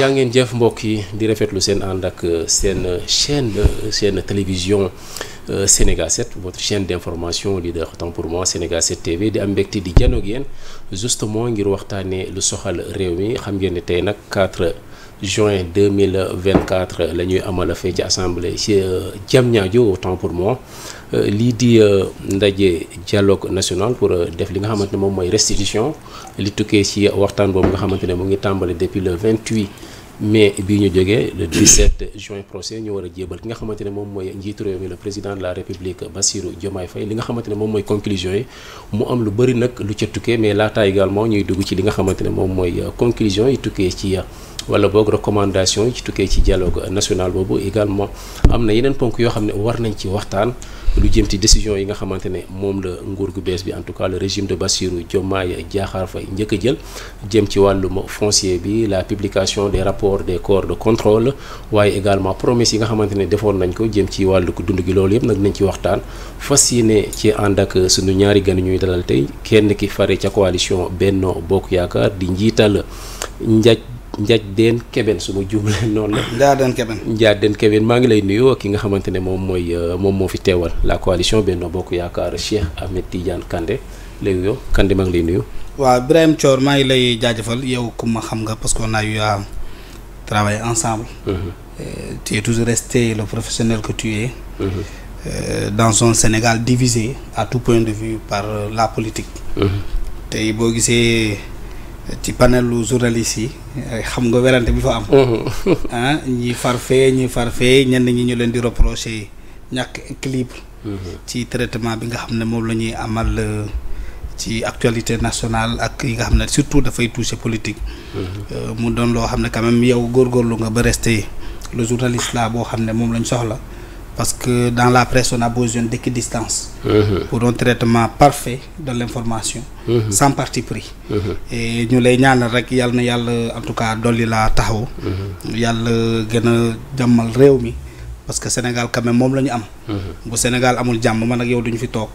jàngeen jëf mbokk yi di rafetlu seen ànd ak euh, seen chaîne euh, seen télévision euh, Sénégal 7 votre chaîne d'information leader temps pour moi Sénégal 7 TV di am mbégte di janoog yéen justement ngir waxtaanee lu soxal réew mi xam ngeen ne tey nag 4 juin 2024 la ñuy amal fee ci assemblée ci Diamniadio temps pour moi lii di ndaje dialogue national pour def li nga xamante ne moom mooy restitution li tukkee ci waxtaan boobu nga xamante ne mu ngi tàmbali depuis le 28 mais bii ñu jógee le 17 juin prochain ñu war a jébal ki nga xamante ne moom mooy njiitu réew mi le président de la république Bassirou Diomaye Faye li nga xamante ne moom mooy conclusion yi mu am lu bëri nag lu ca tukkee mais laata également ñuy dugg ci li nga xamante ne moom mooy conclusion yi tukkee ci wala boog recommandation yi ci tukkee ci dialogue national boobu également am na yeneen ponk yoo xam ne war nañ ci waxtaan lu jëm ci décision yi nga xamante ne moom la nguur gu bees bi en tout cas le régime de Bassirou Diomaye Diakhar Faye njëkk a jël jëm ci wàllum foncier bi la publication des rapport des corps de contrôle waaye également promesse yi nga xamante ne defoon nañ ko jëm ci wàllu dund gi loolu yëpp nag nañ ci waxtaan fas ne ci ànd ak sunu ñaari gan ñuy dalal tey kenn ki fare ca coalition Benno Bokk Yaakaar di njiital njaaj Njaaj Deen Keben su ma noonu la. Njaaj Deen Keben. Njaaj Deen Keben maa ngi lay nuyu ki nga xamante ne moom mooy euh, moom moo fi teewal la coalition Benno Bokk Yaakaar Cheikh Ahmed Tidiane Kandé léegi yow Kandé maa ngi lay nuyu. waaw Ibrahima Thior maa ngi lay jaajëfal yow ku xam nga parce que a eu à travailler ensemble. Mhm. Euh, tu es toujours le professionnel que tu mhm. euh, dans un Sénégal divisé à tout point de vue par la politique. Mhm. tey boo gisee. ci panelu journalistes yi xam nga werante bi fa am. Mm-hmm. Ah, ñi farfee ñi farfee ñenn ñi ñu leen di reprocher ñàkk équilibre. Mm-hmm. ci traitement bi nga xam ne moom la ñuy amal euh, ci actualité nationale ak yi nga xam ne surtout dafay toucher politique. Mm-hmm. Euh, mu doon loo xam ne quand même góor góorlu nga ba resté le journaliste la boo xam ne moom lañ soxla. parce que dans la presse on a besoin d'équidistance mhm. pour un traitement parfait de l'information mhm. sans parti pris e ñu lay ñaanal rek yàlla na yàlla en tout cas dolli laa taxaw yàlla gën a jàmmal réew mi parce que Sénégal quand moom la ñu am bu Sénégal amul jàmm man ak yow duñu fi toog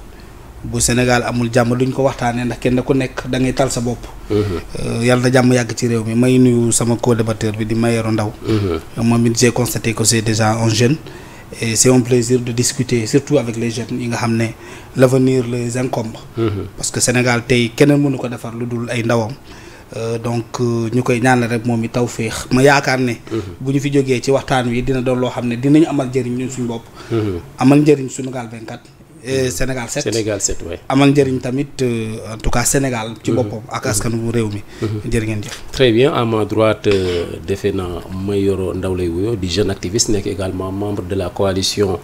bu Sénégal amul jàmm duñu ko waxtaanee ndax kenn ku nekk da ngay tal sa bopp. Euh, yàlla na jàmm yàgg ci réew mi may nuyu sama co-débatteur bi di Mayoro Ndaw moom it j'ai constaté que c'est déjà un jeune et c'est un plaisir de discuter surtout avec les jeunes yi nga xam ne l'avenir les incombe mhm. parce que Sénégal tey keneen mënu ko defar lu dul ay ndawam euh, donc euh, ñu koy ñaanal rek moom i taw féex ma yaakaar ne mhm. bu ñu fi jógee ci waxtaan wi dina doon loo xam ne dinañu amal njëriñ ñun suñu bopp mhm. amal njëriñ Sunugal 24 Euh, mm-hmm. Sénégal 7 Sénégal 7 waay amal njëriñ tamit euh, en tout cas Sénégal ci mm-hmm. boppam ak askanu réew mi mm-hmm. jërë ngeen jëf très bien à ma droite euh, defe naa Mayoro Ndaw lay wuyoo di jeune activiste nekk également membre de la coalition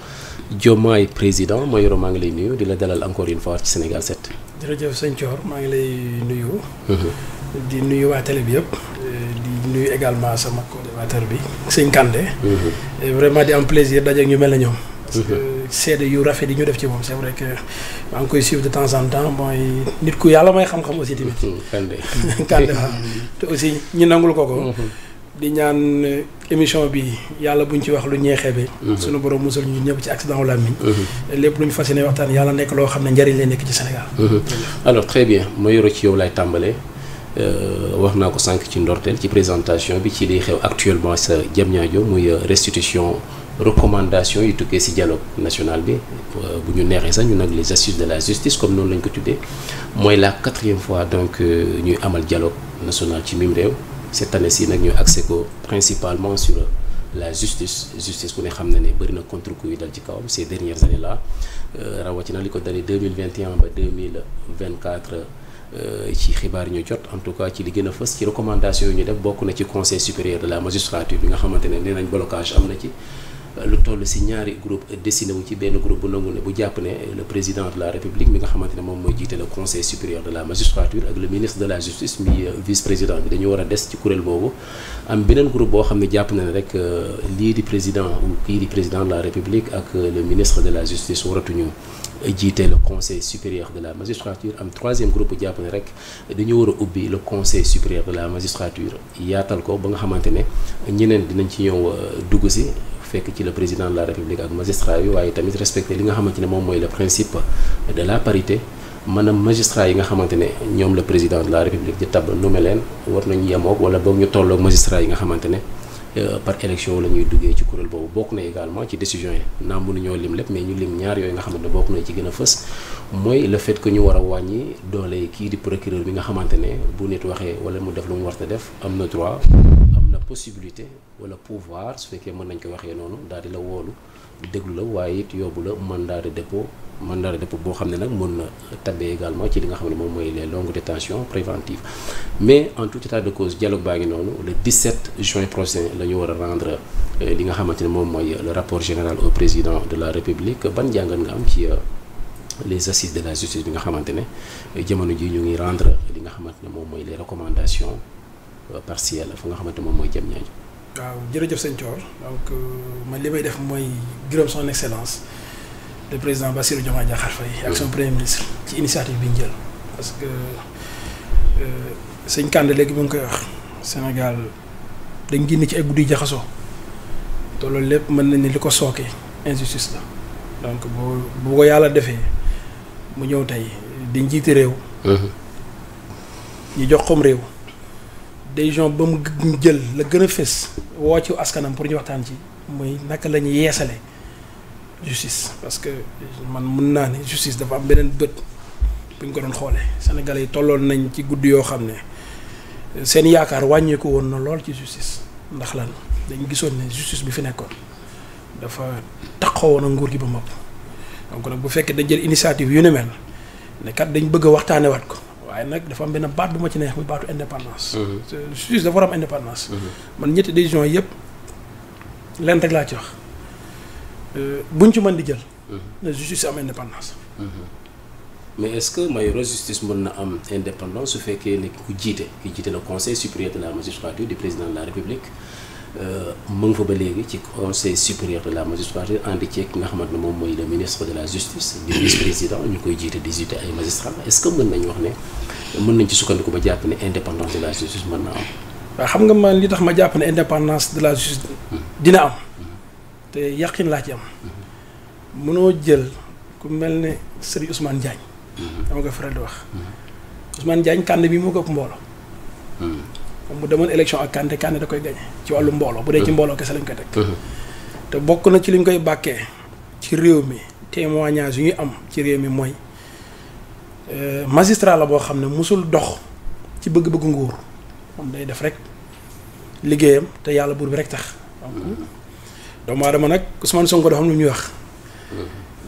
Diomaye président Mayoro maa ngi lay nuyu di la dalal encore une fois ci Sénégal 7 jërëjëf sëñ Thior maa ngi lay nuyu di nuyu waa télé bi yëpp di nuyu également sama coordinateur bi sëñ Kandé vraiment di am plaisir dajeek ñu mel ne ñoom parce que seede yu rafet yi ñu def ci moom c'est vrai que maa ngi koy suivre de temps en temps mooy nit ku yàlla may xam-xam aussi tamit. Mm-hmm. Kande Kande te aussi ñu nangul ko ko. Mm-hmm. di ñaan émission bi yàlla buñ ci wax lu ñeexee bi mm-hmm. suñu borom musul ñu ñëpp ci accident wala miñ lépp lu ñu fas yéene waxtaan yàlla nekk loo xam ne njëriñ lay nekk ci Sénégal alors très bien ma yoro ci yow lay tàmbalee euh, wax naa ko sànq ci ndorteel ci présentation bi ci liy xew actuellement sa Diamniadio muy euh, restitution recommandation yu tukkee ci dialogue national bi euh, bu ñu neexee sax ñu nag les assises de la justice comme noonu lañ ko tuddee mooy la quatrième fois donc euh, ñuy amal dialogue national ci mim réew cette année ci nag ñu axé ko principalement sur la justice justice ku ne xam na ne bëri na contre coup yi dal ci kawam ces dernières années là euh, rawatina li ko dalee 2021 ba 2024 ci xibaar yi ñu jot en tout cas ci li gën a fës ci recommandation yi ñu def bokk na ci conseil supérieur de la magistrature bi nga xamante ne nee nañ blocage Euh, lu toll si ñaari groupe euh, dessiné wu ci benn groupe bu nangu ne bu jàpp ne euh, le président de la république mi nga xamante ne moom mooy jiite le conseil supérieur de la magistrature ak le ministre de la justice a des ci kuréel boobu am beneen groupe boo xam ne jàpp na ne rek lii di président ou di président la république ak le de la justice waratuñu jiite le conseil supérieur de la magistrature am troisième groupe jàpp ne rek dañu war a ubbi le conseil supérieur de la magistrature yaatal ko ba nga xamante ne ñeneen dinañ ci ñëw dugg si fekk ci le président de la république ak magistrat yi waaye tamit respecter li nga xamante ne moom mooy le principe de la parité maanaam magistrat yi nga xamante ne ñoom la président de la république di tab nommé leen war nañu yemoog wala boog ñu tolloog magistrat yi nga xamante ne euh, par élection la ñuy duggee ci kuréel boobu bokk na également ci décision yi naam mënuñoo lim lépp mais ñu lim ñaar yooyu nga xamante ne bokk na ci gën a fës mooy le fait que ñu war a wàññi doole kii di procureur bi nga xamante ne bu nit waxee wala mu def lu mu def am na droit possibilité wala pouvoir su fekkee mën nañ ko waxee noonu daal di la woolu déglu la waaye it yóbbu la mandat de dépôt mandat de dépôt boo xam ne nag mën na tabee également ci li nga xam ne moom mooy les longues détentions préventives mais en tout état de cause dialogue baa ngi noonu le 17 juin prochain la ñu war a euh, nga xamante ne moom mooy le rapport général au président de la république ban jàngat nga am ci euh, les assises de la justice bi nga xamante ne jamono ji ñu ngi rendre li nga xamante ne moom mooy les recommandations Euh, partielle la fa nga xamante moom mooy jëm ñaajo waaw jërëjëf sëñ Thior donc euh, man li may def mooy gërëm son excellence le président Bassirou Diomaye Diakhar Faye ak son mm. premier ministre ci initiative bi ñu parce que euh, sëñ Kande léegi mu ngi koy wax Sénégal dañ génn ci ay guddi jaxasoo te loolu lépp mën nañ ne li ko sooke injustice la donc boo bu ko yàlla defee mu ñëw tey di njiit réew mm-hmm. ñu jox comme réew décision ba mu jël la gën a fës woo ci askanam pour ñu waxtaan ci muy naka la ñuy yeesale justice parce que man mun naa ne justice dafa am beneen bët bu ñu ko doon xoolee sénégal yi tolloon nañ ci guddi yoo xam ne seen yaakaar wàññeeku woon na lool ci justice ndax lan dañ gisoon ne justice bi fi nekkoon dafa taxawoon ak nguur gi ba mopp donc nag bu fekkee dañ jël initiative yu ni mel ne dañ bëgg a waxtaanewaat ko. waaye nag dafa am benn baat bu ma ci neex muy baatu indépendance. Mhm. justice dafa war am indépendance. Mhm. man ñetti décision yëpp lenn rek laa ci wax euh, buñ ci man di jël. Mhm. na justice am indépendance. mais est-ce que Mayoro justice mën na am indépendance su fekkee ni ku jiite ki jiite le conseil supérieur de la magistrature di président de la république. Euh, mu ngi fa ba léegi ci conseil supérieur de la magistrature ànd ceeg ki nga xamante ne moom mooy le ministre de la justice di vice président ñu koy jiite di jiite ay magistrats est ce que mën nañu wax ne mën nañ ci sukkandiku ba jàpp ne indépendance de la justice mën na am. waaw xam nga man li tax ma jàpp ne indépendance de la justice dina am te yàqin laa ci am mënoo jël ku mel ne Serigne Ousmane Diagne. Mm-hmm. dama ko faral di wax Ousmane Diagne kànd bi moo ko ëpp mu demoon élection ak Kande Kande da koy gañe ci wàllu mbooloo bu dee ci mbooloo kese lañ koy teg te bokk na ci liñ koy bàkkee ci réew mi témoignage yu ñuy am ci réew mi mooy euh, magistrat la boo xam ne mosul dox ci bëgg-bëgg nguur moom day def rek liggéeyam te yàlla buur bi rek tax donc doomu aadama nag Ousmane Sonko dafa am lu ñuy wax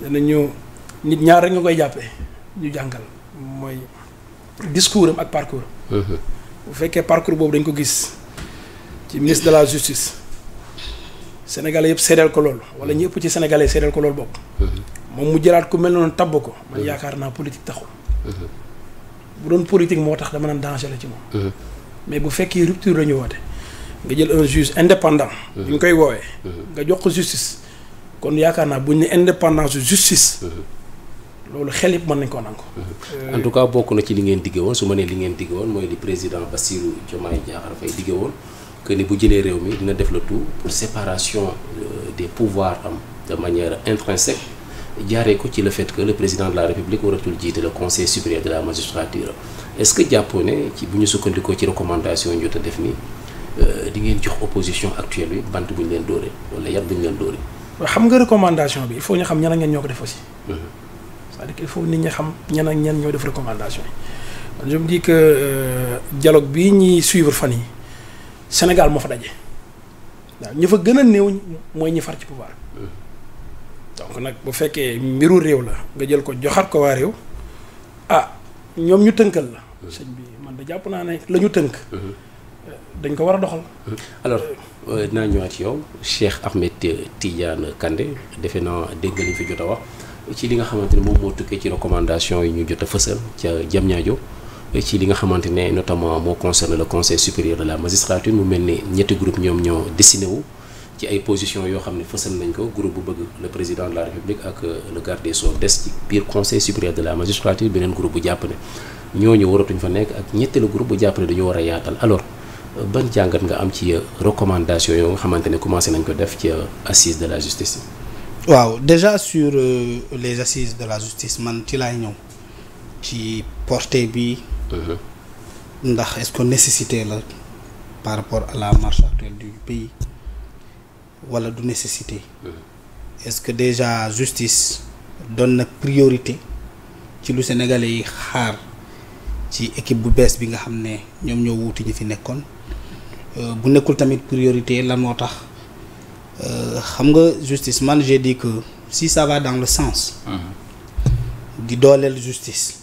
dana ñu nit ñaar rek nga koy jàppee ñu jàngal mooy discours am ak parcours bu fekkee parcours boobu dañ ko gis ci ministre de la justice sénégalais yëpp seedeel ko loolu wala ñi ëpp ci sénégalais seedeel ko loolu bokk moom mu jëlaat ku mel noonu tabb ko man yaakaar naa politique taxul bu doon politique moo tax dama naan danger la ci moom mais bu fekkee rupture la ñu nga jël un juge indépendant bi ñu koy woowee nga jox ko justice kon yaakaar naa buñ ne indépendance justice loolu xel yëpp mën nañ koo nangu. en tout cas bokk na ci li ngeen diggee woon su ma nee li ngeen diggee woon mooy li président Bassirou Diomaye Diakhar Faye diggee woon que ni bu jëlee réew mi dina def le tout pour séparation euh, des pouvoirs am de manière intrinsèque jaaree ko ci le fait que le président de la république waratul jiite le conseil supérieur de la magistrature est-ce que jàppoo ne ci bu ñu sukkandikoo ci recommandation yi jot a def nii euh, di ngeen jox opposition actuelle bi bant bu ñu leen dóoree wala yat bu leen dóoree. xam nga recommandation bi il faut ñu xam ñan ngeen ñoo ko def il faut nit ñi xam ñan ak ñan ñoo def recommandation yi je me euh, bii ñuy suivre fan yi Sénégal moo fa daje waaw ñi fa gën a néew mooy ñi far ci pouvoir donc nag bu fekkee mbiru réew la nga jël ko joxat ko waa réew ah ñoom ñu tënkal la sëñ bi man da jàpp naa ne lañu ñu tënk dañ ko war a doxal alors euh, dinaa ñëwaat ci yow Cheikh Ahmed Tidiane Kandé defe naa dégg nga li fi jot a wax ci li nga xamante ne moom moo tukkee ci recommandation yi ñu jot a fësal ca Diamniadio ci li nga xamante ne notamment moo concerne le conseil supérieur de la magistrature mu mel ni ñetti groupe ñoom ñoo dessiné wu ci ay position yoo xam ne fësal nañ ko groupe bu bëgg le président de la république ak euh, le garde des sceaux des ci biir conseil supérieur de la magistrature beneen groupe bu jàpp ne ñooñu waratuñ fa nekk ak ñetteelu groupe bu jàpp ne war a yaatal alors euh, ban jàngat nga am ci euh, recommandation yoo nga ne commencé nañ ko def ci assise de la justice waaw déjà sur euh, les assises de la justice man ci laay ñëw ci porté bi. Mhm. ndax est-ce que nécessité la par rapport à la marche actuelle du pays walla du nécessité. Mhm. est-ce que déjà justice doon na priorité ci lu sénégalais yi xaar ci équipe bu bees bi nga xam ne ñoom ñoo wuuti ñu fi nekkoon euh, bu nekkul tamit priorité lan moo tax. Euh, xam nga justice man j'ai dit que si ça dans le sens di dooleel justice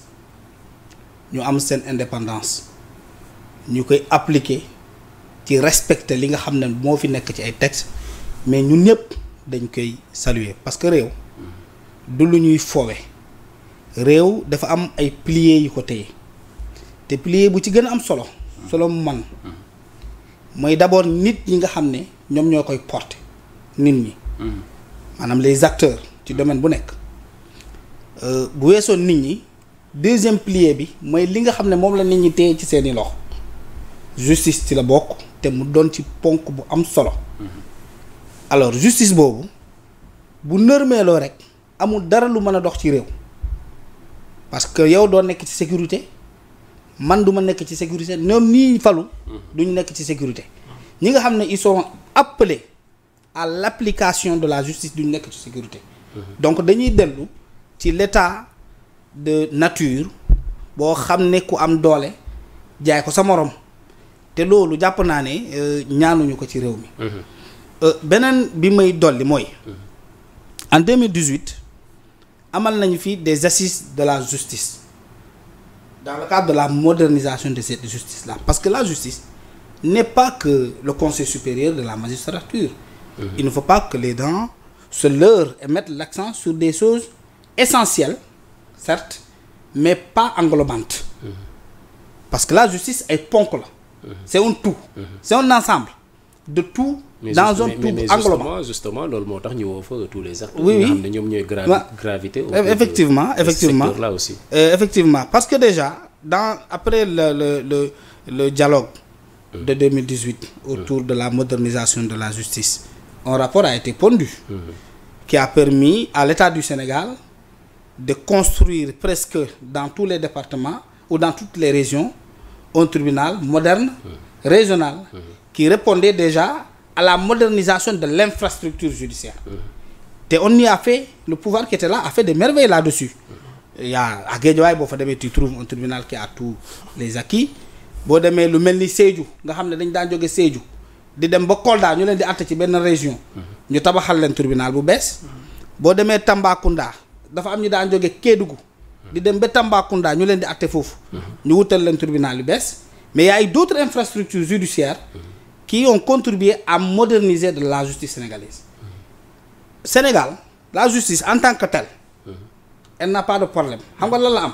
ñu am seen indépendance ñu koy appliquer ci respecter li nga xam ne moo fi nekk ci ay tex mais ñun ñëpp dañ koy saluer parce que réew du lu ñuy foowe réew dafa am ay piliers yu ko téye te pilier bu ci gën a am solo solo man mooy d'abord nit ñi nga xam ne ñoom ñoo koy porter nit ñi. Hmm. maanaam les acteurs ci domaine bu nekk. Euh, bu weesoon nit ñi deuxième pilier bi mooy li nga xam ne moom la nit ñi téye ci seeni loxo justice ci la bokk te mu doon ci ponk bu am solo. Hmm. alors justice boobu bu nërmeeloo rek amul dara lu mën a dox ci réew parce que yow doo nekk ci sécurité man du ma nekk ci sécurité ñoom nii falu hmm. duñ nekk ci sécurité ñi nga xam ne ils sont à l'application de la justice duñ nekk ci sécurité donc dañuy dellu ci l'état de nature boo xam ne ku am doole jaay ko sa morom te loolu jàpp naa ne euh, ñaanuñu ko ci réew mi mhm. euh, beneen bi may dolli mooy mhm. en 2018 amal nañu fi des assises de la justice dans le cadre la modernisation de cette justice là parce que la justice n'est pas que le conseil supérieur de la magistrature Mmh. Il ne faut pas que les gens se leurrent et mettent l'accent sur des choses essentielles, certes, mais pas englobantes. Parce que la justice est poncle là. C'est un tout. C'est un ensemble de tout mais dans juste, un mais, tout englobant. loolu moo tax ñu woo fa tous les acteurs. oui oui nga xam ne ñoom ñooy effectivement effectivement aussi. Euh, effectivement parce que déjà dans après le le le le dialogue. de 2018. autour de la modernisation de la justice. un rapport a été pondu mmh. qui a permis à l'État du Sénégal de construire presque dans tous les départements ou dans toutes les régions un tribunal moderne, mhm. régional, mmh. qui répondait déjà à la modernisation de l'infrastructure judiciaire. Mhm. te on ni a fait le pouvoir qui était là a fait des merveilles là-dessus. Mhm. il y a à boo fa demee tu trouves un tribunal qui a tous les acquis boo demee lu mel ni Sédhiou nga xam ne dañ daan jóge Sédhiou. di dem ba Kolda ñu leen di àtte ci benn région. ñu tabaxal leen tribunal bu bees. boo demee Tambacounda dafa am ñu daan jóge Kédougou. di dem ba Tambacounda ñu leen di àtte foofu. ñu wutal leen tribunal yu bees. mais y a eu d'autres infrastructures judiciaires. qui ont contribué à moderniser de la justice sénégalaise. Sénégal la justice en tant que tell elle n'a pas de problème xam nga lan la am.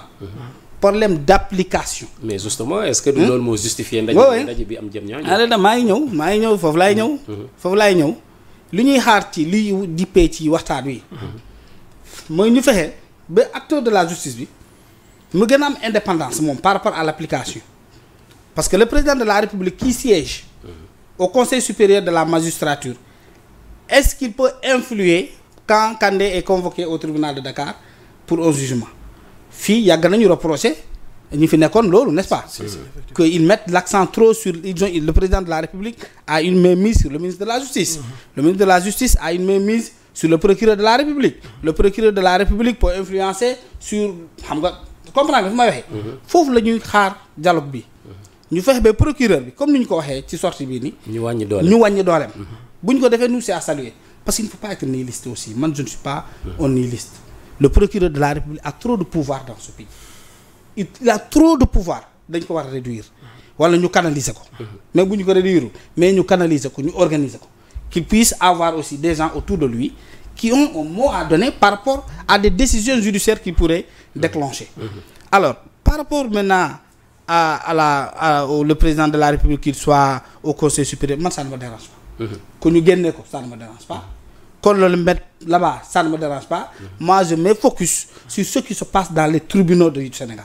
problème d'application. mais justement est-ce que. Hmm? loolu moo justifié. ndaje ndaje bi am jëm ñaañu. maa ngi ñëw maa ngi ñëw foofu laay ñëw. Hmm. foofu laay ñëw li ñuy xaar ci liy dippee ci waxtaan wi. mooy ñu fexe ba acteur de la justice bi mu gën a am indépendance moom par rapport à l'application parce que le président de la République qui siège. Hmm. au conseil supérieur de la magistrature est-ce qu'il peut influer quand Kandé est convoqué au tribunal de Dakar pour un jugement. fii yàgg nañu reproché ñu fi nekkoon loolu n'est-ce pas que ils mettent l'accent trop sur ils ont le président de la République a une mainmise sur le ministre de la Justice mm-hmm. le ministre de la Justice a une mainmise sur le procureur de la République mm-hmm. le procureur de la République peut influencer sur xam nga comprendre nga fi may waxee mm-hmm. foofu la ñuy xaar dialogue bi ñu fexe ba procureur bi comme ni ñu ko waxee ci sortie bii ni ñu wàññi dooleem ñu wàññi dooleem bu ñu ko defee nous c'est à saluer aussi man je le procureur de la République a trop de pouvoir dans ce pays il a trop de pouvoir dañ ko war a réduire wala ñu canaliser ko mais bu ñu ko réduire mais ñu canaliser ko ñu organiser ko qu'il puisse avoir aussi des gens autour de lui qui ont un mot à donner par rapport à des décisions judiciaires qu'il pourrait déclencher alors par rapport maintenant à à la à, au, le président de la République qu'il soit au Conseil supérieur man ça ne me dérange mhm. ñu génnee ko ça ne qu'on le mette là-bas, ça ne me dérange pas. Mm -hmm. Moi, je me focus sur ce qui se passe dans les de du Sénégal.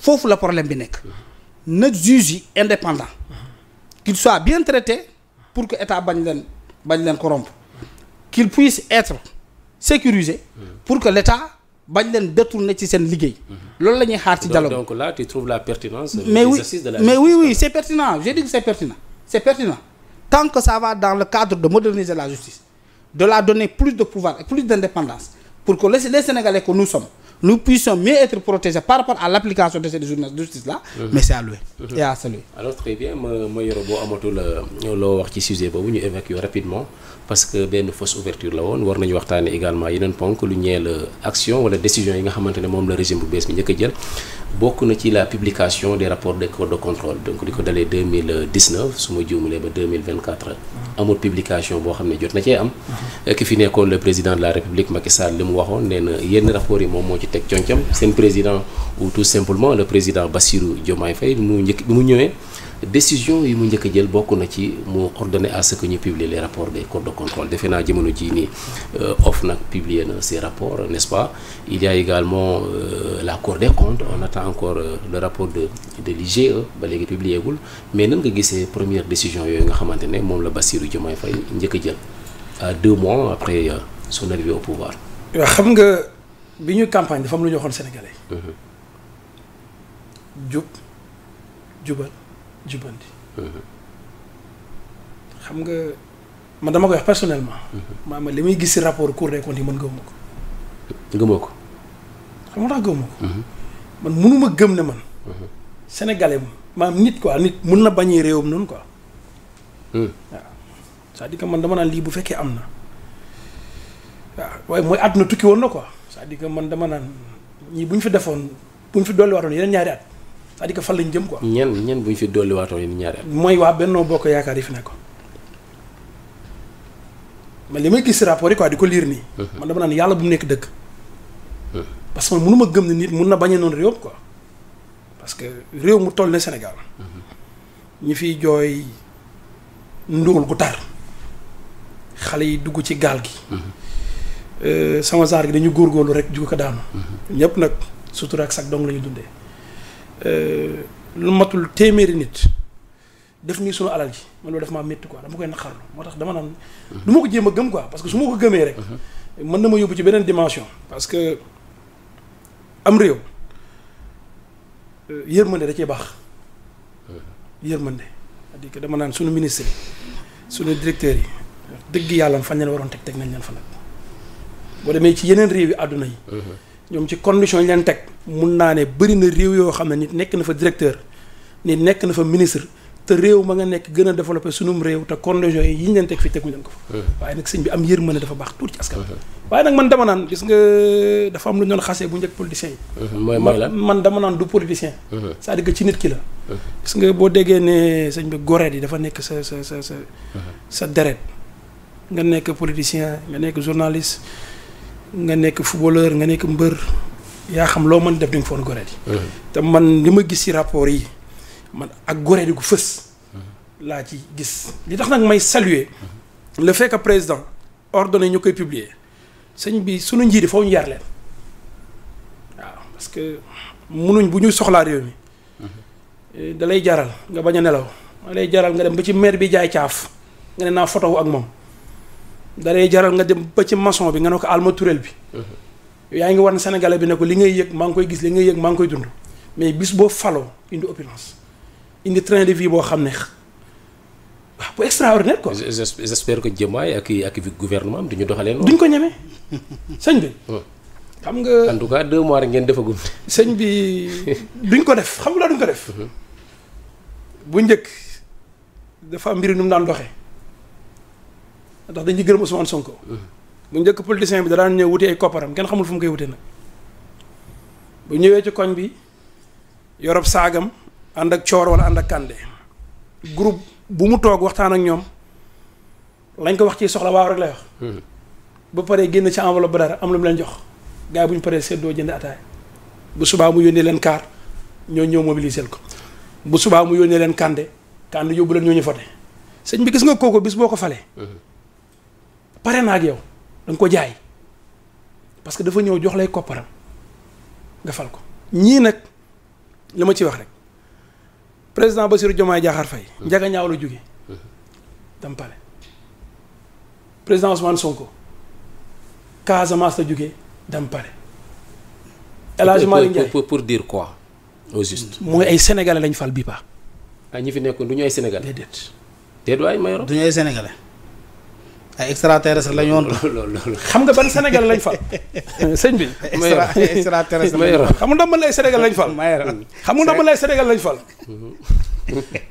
foofu la problème bi nekk. na juge indépendant. qu'il soit bien traité pour que état bañ leen bañ leen corrompre. qu'il puisse être sécurisé. pour que l'état bañ leen détourner ci seen liggéey. loolu la ñuy xaar ci dialogue donc là tu trouves la pertinence. mais oui de mais oui oui c'est pertinent je dis que c'est pertinent. c'est pertinent tant que ça va dans le cadre de moderniser la justice. de la donner plus de pouvoir et plus d'indépendance pour que les Sénégalais que nous sommes nous puissions mieux être protégés par rapport à l'application de cette journée de justice là. Mhm. mais c'est à louer mhm. et saluer. alors très bien ma ma Yoro boo euh, loo wax ci sujet boobu ñu évacuer rapidement. parce que benn fausse ouverture la woon war nañu waxtaanee également yeneen ponk lu ñeel euh, action wala décision yi nga xamante ne moom la régime bu bees bi njëkk a jël bokk na ci la publication de rapports des corps de contrôle donc li ko dalee 2019 su ma juumalee ba 2024 amul publication boo xam ne jot na cee am mm-hmm. ki fi nekkoon le président de la république Macky Sall li mu waxoon nee na yenn rapports yi moom moo ci teg concam seen président ou tout simplement le président Bassirou Diomaye Faye bi mu njëkk bi mu ñëwee décision yi mu njëkk jël bokk na ci mu ordonné à ce que ñu publier les rapports des corps de contrôle defe naa jamono jii nii euh, OFNAC publier na ces rapports n'est-ce pas il y également euh, la Cour des comptes on attend encore euh, le rapport de de l'IGE ba léegi publier gul mais nan nga gisee première décision yooyu nga xamante ne moom la Bassirou Diomaye Faye njëkk a jël à deux mois après euh, son arrivée au pouvoir. waaw xam nga bi ñu campagne dafa am lu ñu waxoon sénégalais. Mm-hmm. jubbanti mhm. xam nga man dama koy wax personnellement mhm. maanaam li may gis si rapport cour des yi man gëwuma ko gëmoo ko xam nga tax gëwuma ko mhm. man mënuma gëm ne man sénégalais maam nit ko nit mun na bañee réew noonu quoi waaw c'est-à-dire que man dama naan lii bu fekkee am na waaw waaye mooy àdduna tukki woon na ko c'est-à-dire que man dama naan ñii bu fi defoon bu fi dolli waatoon yeneen ñaari at c'est-à-dire que fan lañ jëm quoi. ñenn ñenn bu ñu fi dolliwaatoo yéen ñaareel. mooy waa Benno Bokk Yaakaar yi fi nekkoon man li may gis si rapport yi quoi di ko liir nii. man dama naan yàlla bu nekk dëkk. que mënu ma gëm ne nit mun na bañ a noonu réew quoi parce que réew mu toll ne Sénégal ñu fiy jooy ndóol gu tar xale yi dugg ci gaal gi. Euh, sama saar gi dañu góorgóorlu rek ju ko daanu. ñëpp nag sutura ak sag dong la ñu dundee. Euh, lu matul téeméeri nit def nii sunu alal ji man loolu daf maa métti quoi dama koy naqarlu moo tax dama naan. du mhm. ma ko jéem a gëm ko parce que su ma ko gëmee rek. Mhm. mën na ma yóbbu ci beneen dimension. parce que am réew euh, yërmande da cee baax mhm. yërmande c'est-à-dire dama naan sunu ministre yi sunu directeurs yi dëgg yàlla fan leen waroon teg teg nañ leen fa nag boo demee ci yeneen réew yi àdduna yi. ñoom ci condition yi leen teg mun naa ne bëri na réew yoo xam ne nit nekk na fa directeur nit nekk na fa ministre te réew ma nga nekk gën a développé sunum réew te condition yi yi ñu leen teg fii teguñu leen ko fa waaye nag sëñ bi am yërmande dafa baax tuuti ci askan waaye nag man dama naan gis nga dafa am lu ñu doon bu njëkk politicien yi mooy mooy lan man dama naan du politicien cest à ci nit ki la gis nga boo déggee ne sëñ bi goreet yi dafa nekk sa sa sa sa sa deret nga nekk politicien nga nekk journaliste nga nekk footballeur nga nekk mbër yaa xam loo man def di nga foon goreedi te man li ma gis ci rapport yi man ak goreedi gu fës laa ci gis li tax nag may saluer le fekk que président ordonné ñu koy publier sëñ bi suñu njiit yi ñu yar leen waaw parce que munuñ bu ñu soxlaar réew mi eh, da lay jaral nga bañ a nelaw da lay jaral nga dem ba ci maire bi jaay caaf nga ne naa photo ak moom dalay jaral nga dem ba ci maçon bi nga ne ko almaturel bi mhm. yaa ngi war na sénégalais bi ne ko li ngay yëg maa ngi koy gis li ngay yëg maa ngi koy dund mais bis boo faloo indi opulence indi train de vie boo xam ne waaw bu extraordinaire quoi. j'espère que Diomaye ak ak gouvernement am duñu doxalee noonu. duñ ko ñeme sëñ bi. Hmm. xam nga en tout cas deux mois rek ngeen defagum. sëñ bi duñ ko def xam nga laa duñ ko def. Hmm. bu njëkk dafa am mbir nu mu daan doxee. ndax dañ ci gërëm Ousmane Sonko. Mm-hmm. bu njëkk politicien bi da daan ñëw wuti ay kopparam kenn xamul fu mu koy wute nag bu ñëwee ci koñ bi yorob saagam ànd ak coor wala ànd ak kànde group bu mu toog waxtaan ak ñoom lañ ko wax ci soxla waaw rek lay wax. Mm-hmm. ba pare génn ci enveloppe ba dara am lu mu leen jox gaa yi bu ñu paree seddoo jënd ataay bu subaa mu yónnee leen kaar ñoo ñëw mobiliser ko bu subaa mu yónnee leen kànde kànde yóbbu leen ñoo ñu fote sëñ bi gis nga kooku bis boo ko falee. Mm-hmm. pare naa ak yow da ko jaay parce que dafa ñëw jox lay kopparam nga fal ko ñii nag li ma ci wax rek président Bassirou Diomaye Diakhar Faye fay hmm. ñaaw la jóge tam hmm. pale président Ousmane Sonko Casamance la jóge dam pale El Hadj Malick pour dire quoi au juste hmm. mooy ay sénégalais lañ fal bii paa ah, ñi fi nekkoon du ñu ay sénégalais déedéet déedéet waay du ñu ay sénégalais ay extraterrestre la ñu woon. xam nga ban Sénégal lañ fal. sëñ bi. extra extraterrestre lañ xam nga ndax man lay Sénégal lañ fal. xam nga ndax man lay Sénégal lañ fal. Mm-hmm.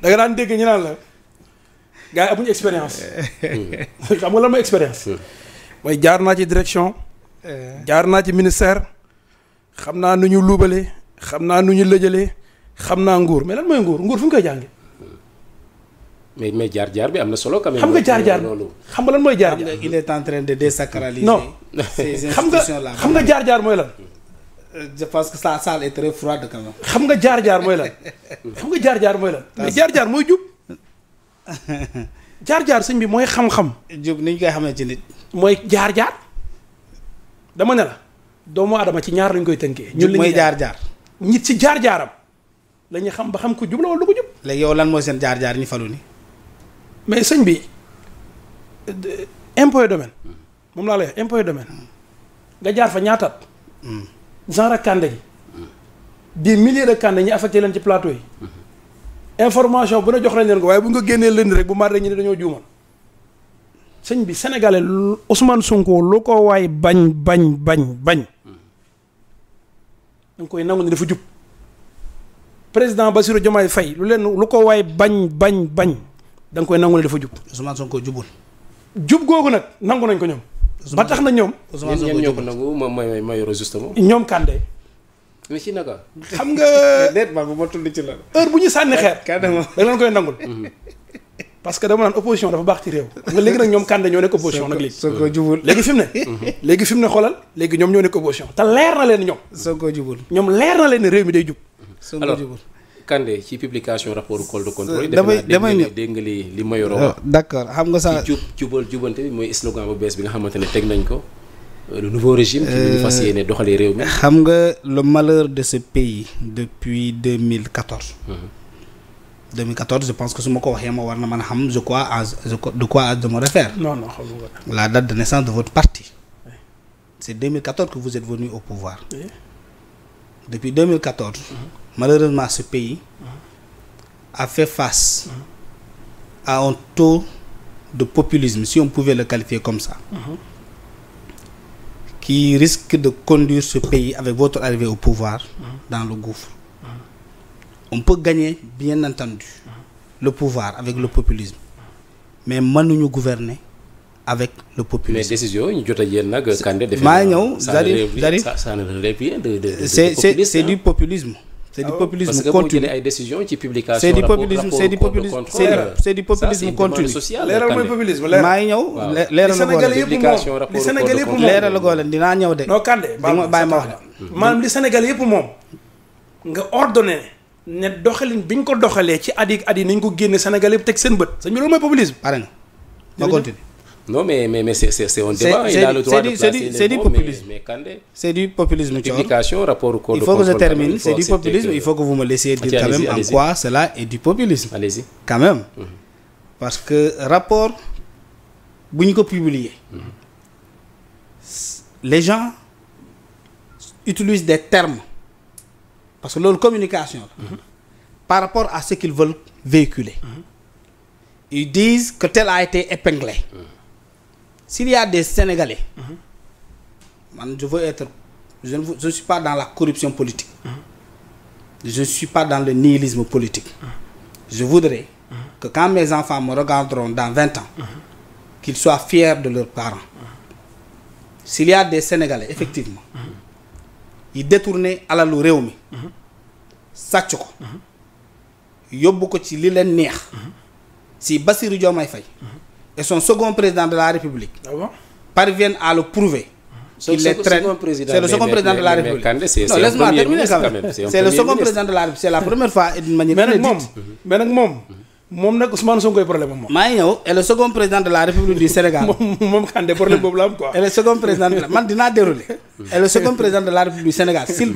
da nga daan dégg la gars expérience. Mm-hmm. Mm. mooy jaar naa ci direction. Eh. jaar naa ci ministère. xam naa nu ñu luubalee. xam naa nu ñu lëjalee. xam naa nguur mais la mooy nguur nguur fu ñu koy jàngee. mais mais jaar jaar am na solo quand même. xam nga jaar jaar xam nga lan mooy jaar jaar. il est en train de désacraliser. non ces institutions là xam nga xam nga jaar jaar mooy lan. Euh, je pense que sa salle est très froide xam nga jaar jaar mooy lan. xam nga jaar jaar mooy lan. jaar jaar mooy jub. jaar jaar sëñ bi mooy xam-xam. jub ni ñu koy xamee ne mooy jaar jaar. dama ne la doomu aadama ci ñaar lañ koy tënkee. ñun mooy jaar jaar nit ci jaar jaaram. la ñuy xam ba xam ko jub la wala du ko léegi yow lan mooy seen jaar jaar ñu falu ni mais sëñ bi impôt domaine hmm. moom laa lay wax impôt domaine nga jaar fa ñaataat hmm. genre kànde yi hmm. des milliers de kànde ñi affecté leen ci plateau yi information bu ne jox nañ leen ko waaye bu nga génnee leen rek bu mar ñu dañoo juumal sëñ bi sénégalais Sonko lu ko waay bañ bañ bañ bañ da nga koy nangu ne dafa jub président Bassirou Diomaye fay lu leen lu ko waaye bañ bañ bañ da koy nangu ne dafa jub. Ousmane Sonko jubul. jub googu nag nangu nañ ko ñoom. ba tax na ñoom. Ousmane Sonko ñoo ko nangu ma ma ma yore justement. ñoom Kande. si naka. xam nga déet ba bu ma heure bu ñu sànni xeer. Kande moom da leen koy nangul. Mhm. parce que dama naan opposition dafa baax ci réew. nga léegi nag ñoom Kande ñoo nekk opposition nag léegi. Sonko jubul léegi fi mu ne. Mhm. léegi fi mu ne xoolal léegi ñoom ñoo nekk opposition te leer na leen ñoom. Sonko jubul ñoom leer na leen réew mi day jub. Sonko jubul Kandé ci publication rapport col de contrôle. damay li li ma yoroo. Ah, xam nga sa jub jubal jubante bi mooy slogan bu bees bi nga xamante ne teg nañ ko. Euh, le nouveau régime ci li ñu euh, xam nga le malheur de ce pays depuis 2014. 2014 je pense que su ma ko waxee ma war na man a xam je crois à je de quoi à de me réfère. non non xam nga la date de naissance de votre parti. c' est 2014 que vous êtes venu au pouvoir. depuis 2014. malheureusement ce pays a fait face à un taux de populisme, si on pouvait le qualifier comme ça, qui risque de conduire ce pays avec votre arrivée au pouvoir dans le gouffre. On peut gagner, bien entendu, le pouvoir avec le populisme, mais mënuñu gouverner avec le populisme. mais décision ñu jot a yéen nag. c'est c'est du populisme. c'est du ah populisme continu ay décision ci publication c'est du populisme c'est du populisme c'est du populisme continu leeral mooy populisme leeral ñëw leeral li Sénégal la dinaa ñëw de non Kandé ma bàyyi ma wax de maanaam li Sénégal yëpp moom nga ordonné ne doxalin bi ñu ko doxalee ci at yi at yi nañ ko génne Sénégal yëpp teg seen bët sañu loolu mooy populisme pare nga ma continue non mais mais mais c'est c'est un débat. il a le droit de placer les mots c'est du populisme mais Kandé. c'est du populisme Thione. Il faut que je termine c'est du populisme il faut que vous me laissiez dire quand même en quoi cela est du populisme. quand même. Mhm. parce que rapport bu ñu publier. les gens utilisent des termes parce que loolu communication la. Mhm. par rapport à ce qu'ils veulent véhiculer. Mhm. ils disent que tel a été épinglé. s'il y a des Sénégalais mhm. man je veux être je ne suis pas dans la corruption politique mhm. je ne suis pas dans le nihilisme politique mhm. je voudrais que quand mes enfants me regarderont dans vingt ans qu'ils soient fiers de leurs parents s'il y a des Sénégalais effectivement yi détourné alalu réew mi sàcc ko yóbbu ko ci li leen neex si Bassirou Diomaye Faye et son second président de la République ah parviennent à le prouver. C'est le second président de la République. Non, laisse terminer quand C'est le second président de la République. C'est la première fois et d'une manière inédite. moom moom. moom moom. maa ngi ñëw second président de la République du Sénégal. moom moom Kandé problème boobu la am quoi. et second président de la man dinaa dérouler. et second président de la République du Sénégal s'il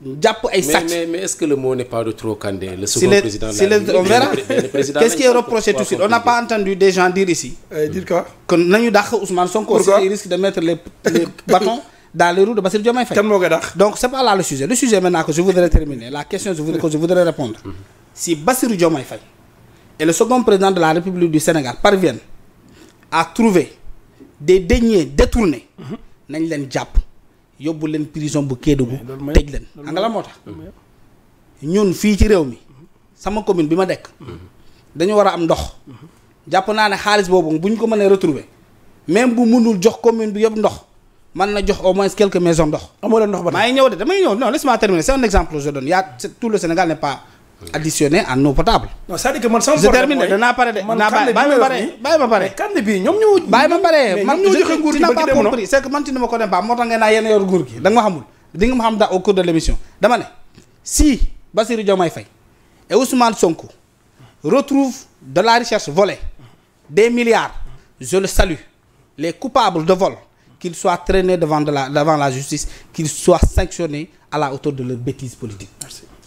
jàpp ay sàcc mais mais est-ce que le mot on verra qu'est-ce qui est reproché tout de suite on n'a pas entendu des gens dire ici euh, dire quoi kon nañu dàq Ousmane il risque de mettre les, les dans les roues de Bassirou Diomaye Faye donc c'est pas là le sujet le sujet maintenant que je voudrais terminer la question je voudrais répondre mm-hmm. si Bassirou Diomaye Faye et le second président de la République du Sénégal parviennent à trouver des deniers détournés mm-hmm. nañ leen jàpp yóbbu leen prison bu Kédougou tëj leen xam nga la moo tax ñun fii ci réew mi mm-hmm. sama commune bi ma dekk mm-hmm. dañu war a am ndox mm-hmm. jàpp naa ne xaalis boobu bu ñu ko mënee retrouver même bu mënul jox commune bi yëpp ndox mën na jox au moins quelques maisons ndox amoo ndox ba maa ñëw de damay ñëw non laisse-moi terminer c'est un exemple que je donne yaa tout le Sénégal n'est pas additionné en eau potable. non cest à pare de. man bàyyi ma pare bàyyi ma pare. mais bii compris c'est que man tu ne me connais pas moo tax ngeen naa yéen yor nguur gi da ma xamul di ma xam daa au cours de l'émission dama ne si Bassirou Diomaye Faye et Ousmane Sonko retrouvent de la richesse volée des milliards je le salue les coupables de vol qu'ils soient traînés devant de la la justice qu'ils soient sanctionnés à la hauteur de leur bêtise politique.